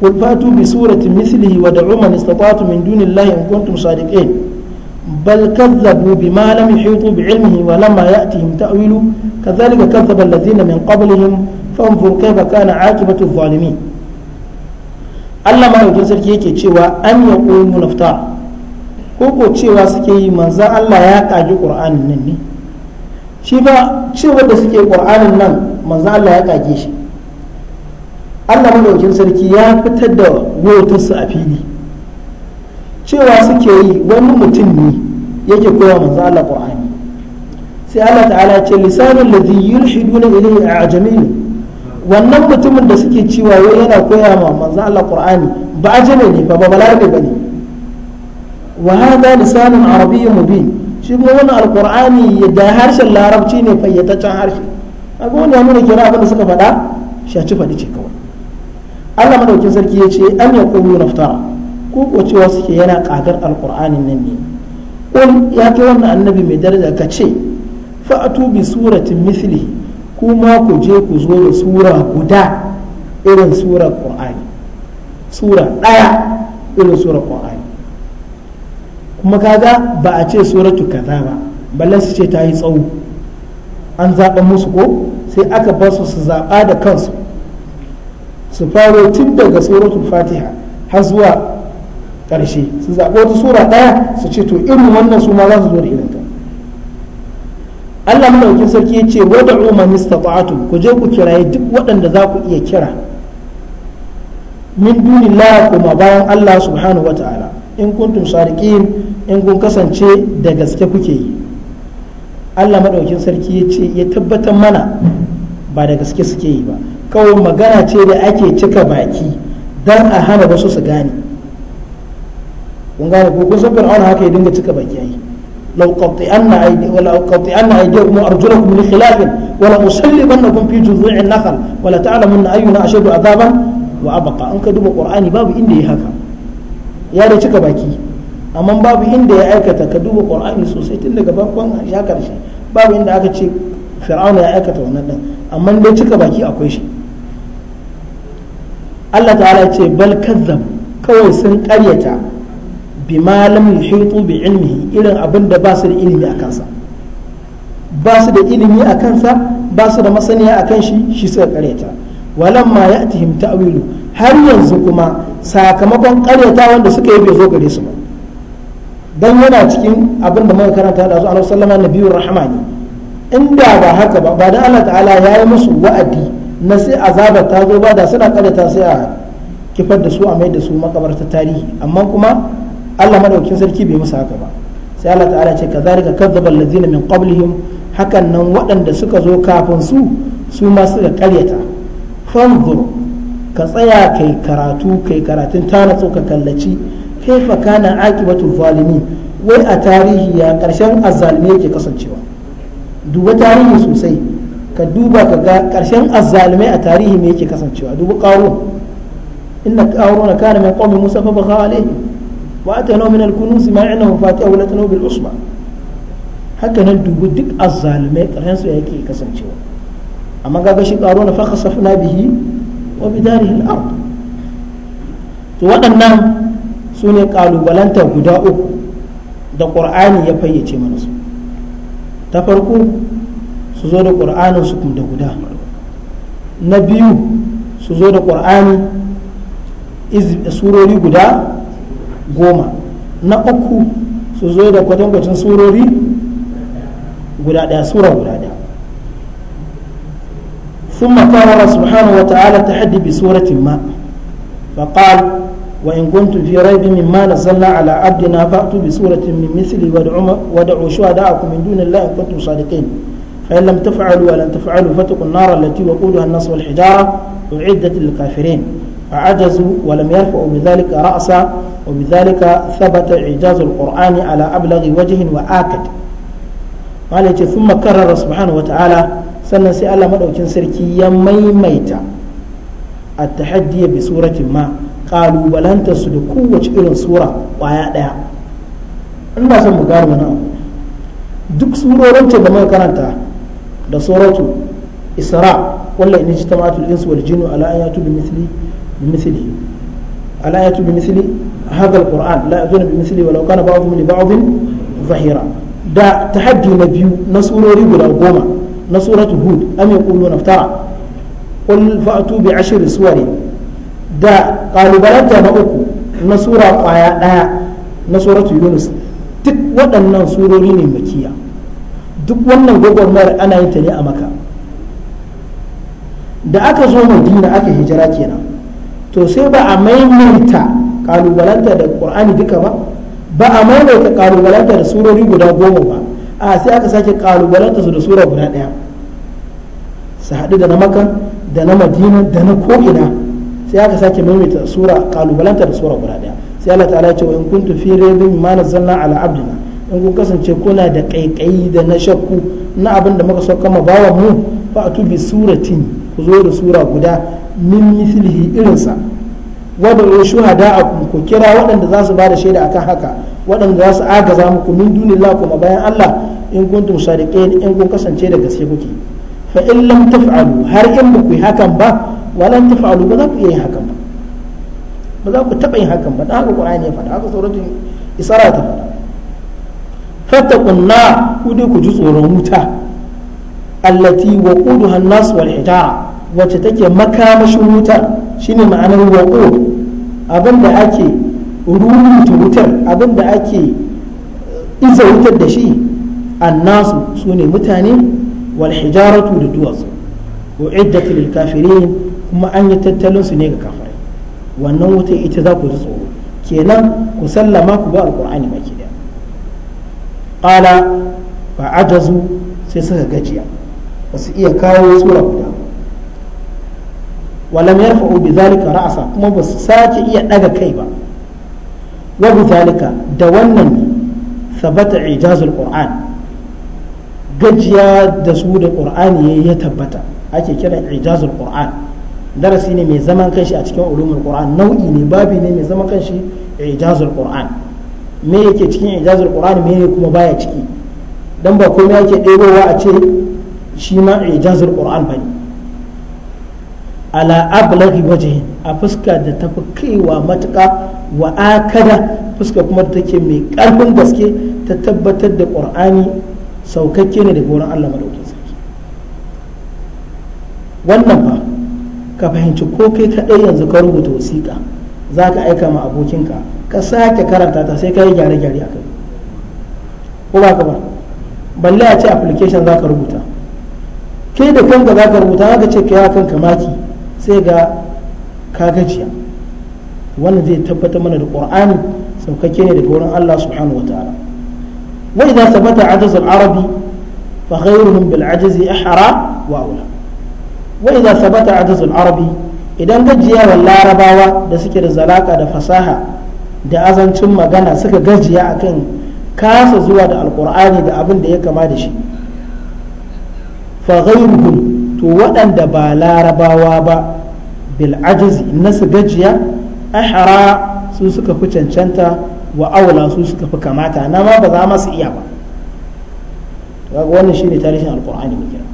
qul fatu bi suratin mithlihi wa da'u man istata'tum min dunillahi in kuntum sadiqin بل كذبوا بما لم يحيطوا بعلمه ولما يأتهم تأويل كذلك كذب الذين من قبلهم فانظر كيف كان عاقبة الظالمين الله ما يجوز لك يكي أن يقولوا نفتار ko cewa suke yi manzan Allah ya kagi ƙur'anin nan ne shi ba cewa da suke ƙur'anin nan manzan Allah ya kage shi Allah madaukin sarki ya fitar da wautarsu a fili cewa suke yi wani mutum ne yake koya manzan Allah ƙur'ani sai Allah ta'ala ce lisanin ladhi yulhiduna ilayhi ne wannan mutumin da suke cewa yana koya ma manzan Allah ƙur'ani ba ajame ne ba ba balarabe ne wa hada lisanun arabiyyin mubin shi kuma wannan alqur'ani da harshen larabci ne fayyataccen harshe akwai wanda ya nuna kira abin da suka faɗa shi a ci faɗi ce kawai Allah madaukin sarki ya ce an ya kulu naftara ko ko cewa suke yana ƙagar alkur'ani nan ne qul ya kai wannan annabi mai daraja ka ce fa'atu bi suratin misli kuma ku je ku zo da sura guda irin sura qur'ani sura irin sura qur'ani kuma kaga ba a ce suratu kaza ba balle su ce ta yi tsawo an zaɓa musu ko sai aka ba su su zaɓa da kansu su faro tun daga suratu fatiha har zuwa ƙarshe su zaɓi wata sura ɗaya su ce to irin wannan su ma za su zo da irinta Allah madaukin sarki ya ce wada'u man istata'tum ku je ku kiraye duk waɗanda za ku iya kira min dunillah kuma bayan Allah subhanahu ta'ala in kuntum sadiqin in kun kasance da gaske kuke yi Allah maɗaukin sarki ya ce ya tabbatar mana ba da gaske suke yi ba kawai magana ce da ake cika baki don a hana wasu su gane kun gane ko kun san fir'auna haka ya dinga cika baki yayi law qati'anna aydi wa law qati'anna aydiyakum wa arjulakum min khilaf wa la usallibannakum fi juzu'in nakhl wa la ta'lamunna ayyuna ashadu adaban wa abqa an ka duba qur'ani babu inda yi haka ya da cika baki amma babu inda ya aikata ka duba qur'ani sosai tun daga farkon ya karshe babu inda aka ce fir'auna ya aikata wannan din amma dai cika baki akwai shi Allah ta'ala ce bal kazzab kawai sun karyata bi malam yuhitu bi ilmihi irin abin da ba su da ilimi a kansa ba su da ilimi a kansa ba su da masaniya a kan shi shi suka karyata walamma ya'tihim ta'wilu har yanzu kuma sakamakon karyata wanda suka yi bai zo gare su ba dan yana cikin abin da muka karanta da zuwa sallama na biyun rahama ne inda ba haka ba ba da Allah ta'ala ya yi musu wa'adi na sai azaba ta zo ba da suna ta sai a kifar da su a mai da su makabarta tarihi amma kuma Allah madaukin sarki bai musu haka ba sai Allah ta'ala ce kazalika kadzaba allazina min qablihim hakan nan waɗanda suka zo kafin su su ma suka karyata fanzur ka tsaya kai karatu kai karatun ta ka kallaci kaifa kana aqibatul zalimin wai a tarihi ya karshen azzalimi yake kasancewa duba tarihi sosai ka duba ka ga karshen azzalimai a tarihi me yake kasancewa duba qarun inna na kana min qaumi musa fa bagha alayhi wa atana min al-kunuz ma innahu fatihu la tanu bil usba haka nan dubu duk azzalimai karshen su yake kasancewa amma kaga shi na fa khasafna bihi wa bidarihi al-ard to waɗannan su ne kalubalanta guda uku da ƙur'ani ya fayyace mana su ta farko su zo da ƙur'anin su da guda na biyu su zo da ƙur'ani surori guda goma na uku su zo da kwatankwacin surori guda ɗaya sura guda ɗaya ثم الله سبحانه وتعالى تحدي بسورة ما فقال وإن كنتم في ريب مما نزلنا على عبدنا فأتوا بسورة من مثله وادعوا شهداءكم من دون الله إن كنتم صادقين فإن لم تفعلوا ولن تفعلوا فاتقوا النار التي وقودها الناس والحجارة أعدت للكافرين فعجزوا ولم يرفعوا بذلك رأسا وبذلك ثبت إعجاز القرآن على أبلغ وجه وآكد قال ثم كرر سبحانه وتعالى سنة سأل مدعو كنسركي يميميت التحدي بسورة ما kalubalantar su da kowace irin sura kwaya daya ina son mu gano wani duk surorin da muka karanta da suratu isra walla in ji tamatul insu wal jinnu ala ayatu bi mithli bi mithli ala ayatu bi mithli hadha al qur'an la yatuna bi mithli walau kana ba'dhum li ba'd zahira da tahaddi na biyu na surori guda goma na suratu hud am yaquluna iftara qul fa'tu bi ashri suwarin da ƙalubalanta na uku na sura ƙwaya ɗaya na suratu yunus duk waɗannan surori ne makiya duk wannan gwagwarmayar ana yin ta ne a maka da aka zo madina aka hijira kenan to sai ba a maimaita ƙalubalanta da ƙur'ani duka ba ba a maimaita ƙalubalanta da surori guda goma ba a sai aka sake ƙalubalanta su da sura guda ɗaya su haɗu da na makan da na madina da na ko'ina sai aka sake maimaita sura kalubalanta da sura guda daya sai Allah ta'ala ya ce wa in kuntu fi raybin ma nazzalna ala abdina in kun kasance kuna da kaikayi da na shakku na abin da muka sauka ma mu fa atu bi suratin ku zo da sura guda min irin sa wadda ya shuhada a ku kira waɗanda za su ba da shaida akan haka waɗanda za su agaza muku min dunillahi kuma bayan Allah in kuntum sadiqin in kun kasance da gaske kuke fa in lam taf'alu har in ba ku yi hakan ba walan taf'alu ba za ku iya yin hakan ba ba za ku taɓa yin hakan ba da haka qur'ani ya faɗa haka suratul isra ta faɗa fattaqun na ku dai ku ji tsoron wuta allati waquduha an-nas wal hijara wacce take makamashin wuta shine ma'anar waqud da ake rubuta wutar abin da ake iza wutar da shi annasu su ne mutane wal hijaratu da duwatsu uiddat lil kafirin kuma an yi tattalin su ne ga kafirai wannan wuta ita zaku ku ji tsoro kenan ku sallama ku ba alqur'ani baki daya qala fa ajazu sai suka gajiya ba su iya kawo sura guda walam yarfa'u bi zalika ra'asa kuma ba su sake iya daga kai ba wa zalika da wannan ne ثبت إعجاز gajiya da su da qur'ani ya tabbata ake kiran ijazul qur'an darasi ne mai zaman kanshi a cikin ulumul qur'an nau'i ne babi ne mai zaman kanshi ijazul qur'an me yake cikin ijazul qur'an me ne kuma baya ciki dan ba komai yake ɗebowa a ce shi ma ijazul qur'an bane ala ablaghi wajhi a fuska da tafi kaiwa matuƙa wa akada fuska kuma take mai ƙarfin gaske ta tabbatar da qur'ani saukakke ne daga wurin Allah madaukakin sarki wannan ba ka fahimci ko kai kaɗai yanzu ka rubuta wasiƙa za ka aika ma abokinka ka sake karanta ta sai ka yi gyare-gyare a kai ko ba ka ba balle a ce application za ka rubuta kai da kanka za ka rubuta za ka ce ka yi kanka maki sai ga ka gajiya wannan zai tabbatar mana da ƙur'ani saukakke ne daga wurin Allah subhanahu wa ta'ala وإذا ثبت عجز العربي فغيرهم بالعجز أحرى وأولى وإذا ثبت عجز العربي idan gajiya larabawa da suke da zalaka da fasaha da azancin magana suka gajiya akan kasa zuwa da alkur'ani da abin da ya kama da shi faghairuhum to waɗanda ba larabawa ba bil ajizi na su gajiya hara su suka fi cancanta wa aula su suka fi kamata na ma ba za ma su iya ba kaga wannan shine tarihin alkur'ani mai kira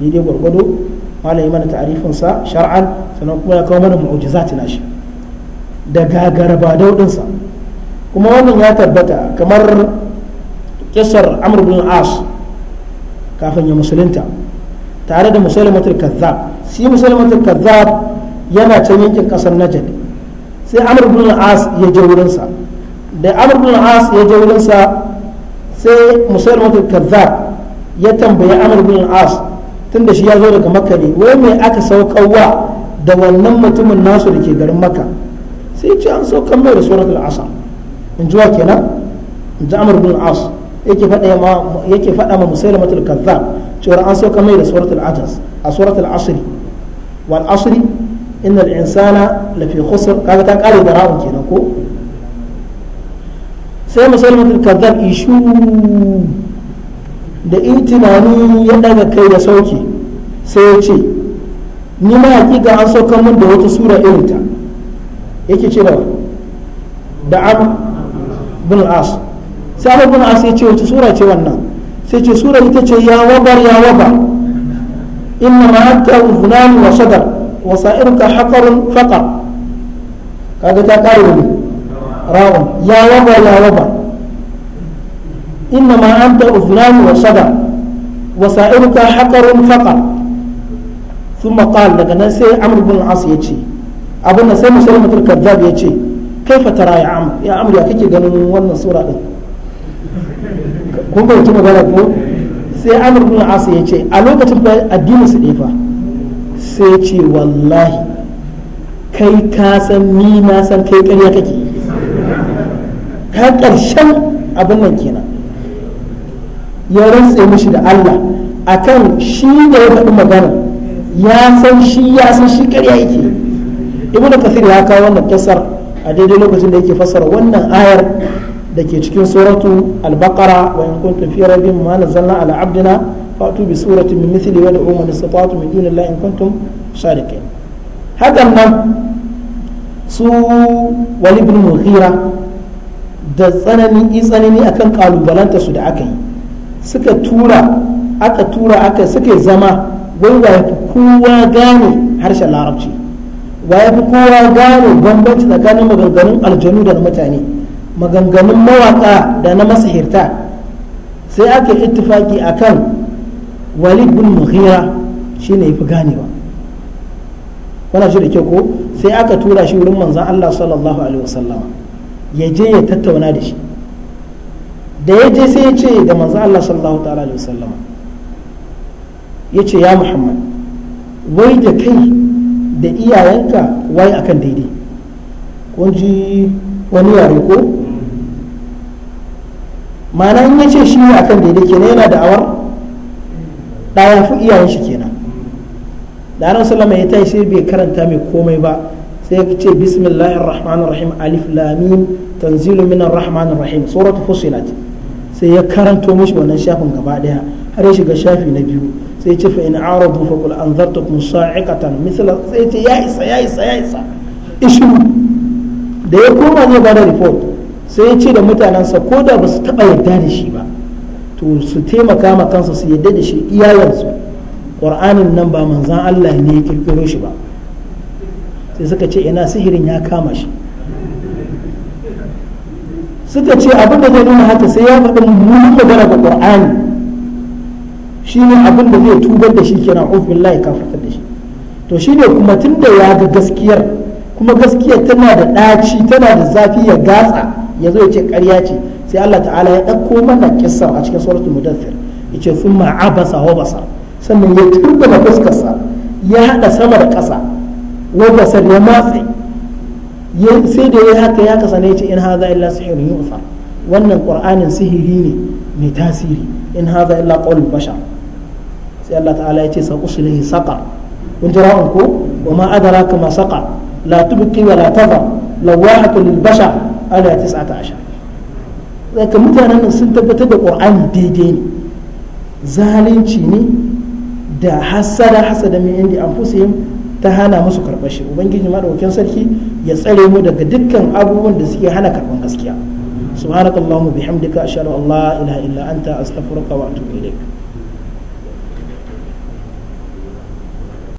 ni dai gwargwado malami mana ta'arifin sa shar'an sannan kuma ya kawo mana mu'jizat nashi da gagaraba daudin sa kuma wannan ya tabbata kamar kisar amr bin as kafin ya musulunta tare da musulmatul kazzab si musulmatul kazzab yana can yankin kasar najd sai amr bin as ya je wurinsa. da amr bin as ya je wurinsa sai musulmatu kazzab ya tambayi amr bin tunda shi ya zo daga makka ne wai me aka saukawa da wannan mutumin nasu da ke garin makka sai ce an saukar mai da suratul asr in ji wa kenan in ji amr bin as yake faɗa ma yake faɗa ma musulmatul kazzab cewa an saukar mai da suratul atas a suratul asri wal asr innal insana lafi khusr kaga ta kare da rawun kenan ko sai musulmatul kazzab ishu da in tunani ya daga kai da sauki sai ya ce ni ma hakika an saukan mun da wata sura ta yake ce da abu bin as sai abu bin as ya ce wata sura ce wannan sai ce sura ita ce ya wabar ya wabar inna ma hatta uzunani wa sadar wa sa'irka haƙarun faqa kaga ta ƙara wani rawan. ya waba ya inna ma anta uznan wa shada wa sa'iruka hakarun faqa thumma qala daga nan sai amr bin as yace abin da sai yace kaifa tara ya amr ya amr ya kake ganin wannan sura din kun bai magana ko sai amr bin as yace a lokacin addinin su wallahi kai ka san ni na san kai kariya kake ka ƙarshen abin nan kenan ya rantse mishi da Allah akan shi da ya faɗi magana ya san shi ya san shi ƙarya yake ibnu kathir ya kawo wannan kisar a daidai lokacin da yake fassara wannan ayar da ke cikin suratu al-baqara wa in kuntum fi raibin ma nazzalna ala abdina fatu bi suratin min mithli wa da'u man istata'tum min dunillahi in kuntum hakan nan su wali ibn mughira da tsanani i tsanani akan kalubalanta su da aka yi suka tura aka tura aka suka zama wai wa yafi kowa gane harshen larabci wa yafi kowa gane bambanci tsakanin maganganun aljanu da mutane maganganun mawaka da na masahirta sai aka ittifaki akan walid bin mughira shine yafi ganewa wannan shi da kyau ko sai aka tura shi wurin manzon Allah sallallahu alaihi wasallama ya je ya tattauna da shi da ya je sai ya ce da manzo Allah sallallahu ta'ala alaihi wasallama ya ce ya Muhammad wai da kai da iyayenka wai akan daidai kun ji wani yare ko ma'ana in ya ce shi ne akan daidai kenan yana da awar ɗaya fi iyayen shi kenan da aran sallama ya tashi sai bai karanta mai komai ba sai ya ce bismillahir rahmanir rahim alif lamim tanzilu minar rahmanir rahim suratu fusilat sai ya karanto mishi wannan shafin gaba daya har ya shiga shafi na biyu sai ce fa in aradu fa qul anzartukum sa'iqatan misla sai ce ya isa ya isa ya isa ishu da ya koma zai bada report sai ya ce da sa ko da ba su taba yarda da shi ba to su taimaka ma kansu su yarda da shi iya qur'anin nan ba manzan Allah ne ya kirkiro shi ba sai suka ce ina sihirin ya kama shi suka ce abin da zai nuna haka sai ya faɗi mun magana ga qur'ani shine abin da zai tubar da shi kenan uf billahi kafarta da shi to shine kuma tunda ya ga gaskiyar kuma gaskiyar tana da ɗaci tana da zafi ya gatsa ya zo ya ce ƙarya ce sai Allah ta'ala ya ɗauko mana kissa a cikin suratul mudaththir yace summa abasa wa basa sannan ya turbata fuskarsa ya haɗa sama da ƙasa wajasad ya matse sai da ya haka ya kasa ne ce in haza illa sihirun yu'far wannan qur'anin sihiri ne mai tasiri in haza illa qawlul bashar sai Allah ta'ala ya ce saqusulihi saqa kun jira an ko wa ma adraka ma saqa la tubqi wa la tadha lawahatu lil bashar ala 19 sai ka mutanen sun tabbatar da qur'ani daidai ne zalunci ne da hasada hasada min indi anfusihim ta hana musu karɓar shi ubangiji maɗaukin sarki ya tsare mu daga dukkan abubuwan da suke hana karɓar gaskiya subhanakallahumma bihamdika ashhadu an la ilaha illa anta astaghfiruka wa atubu ilaik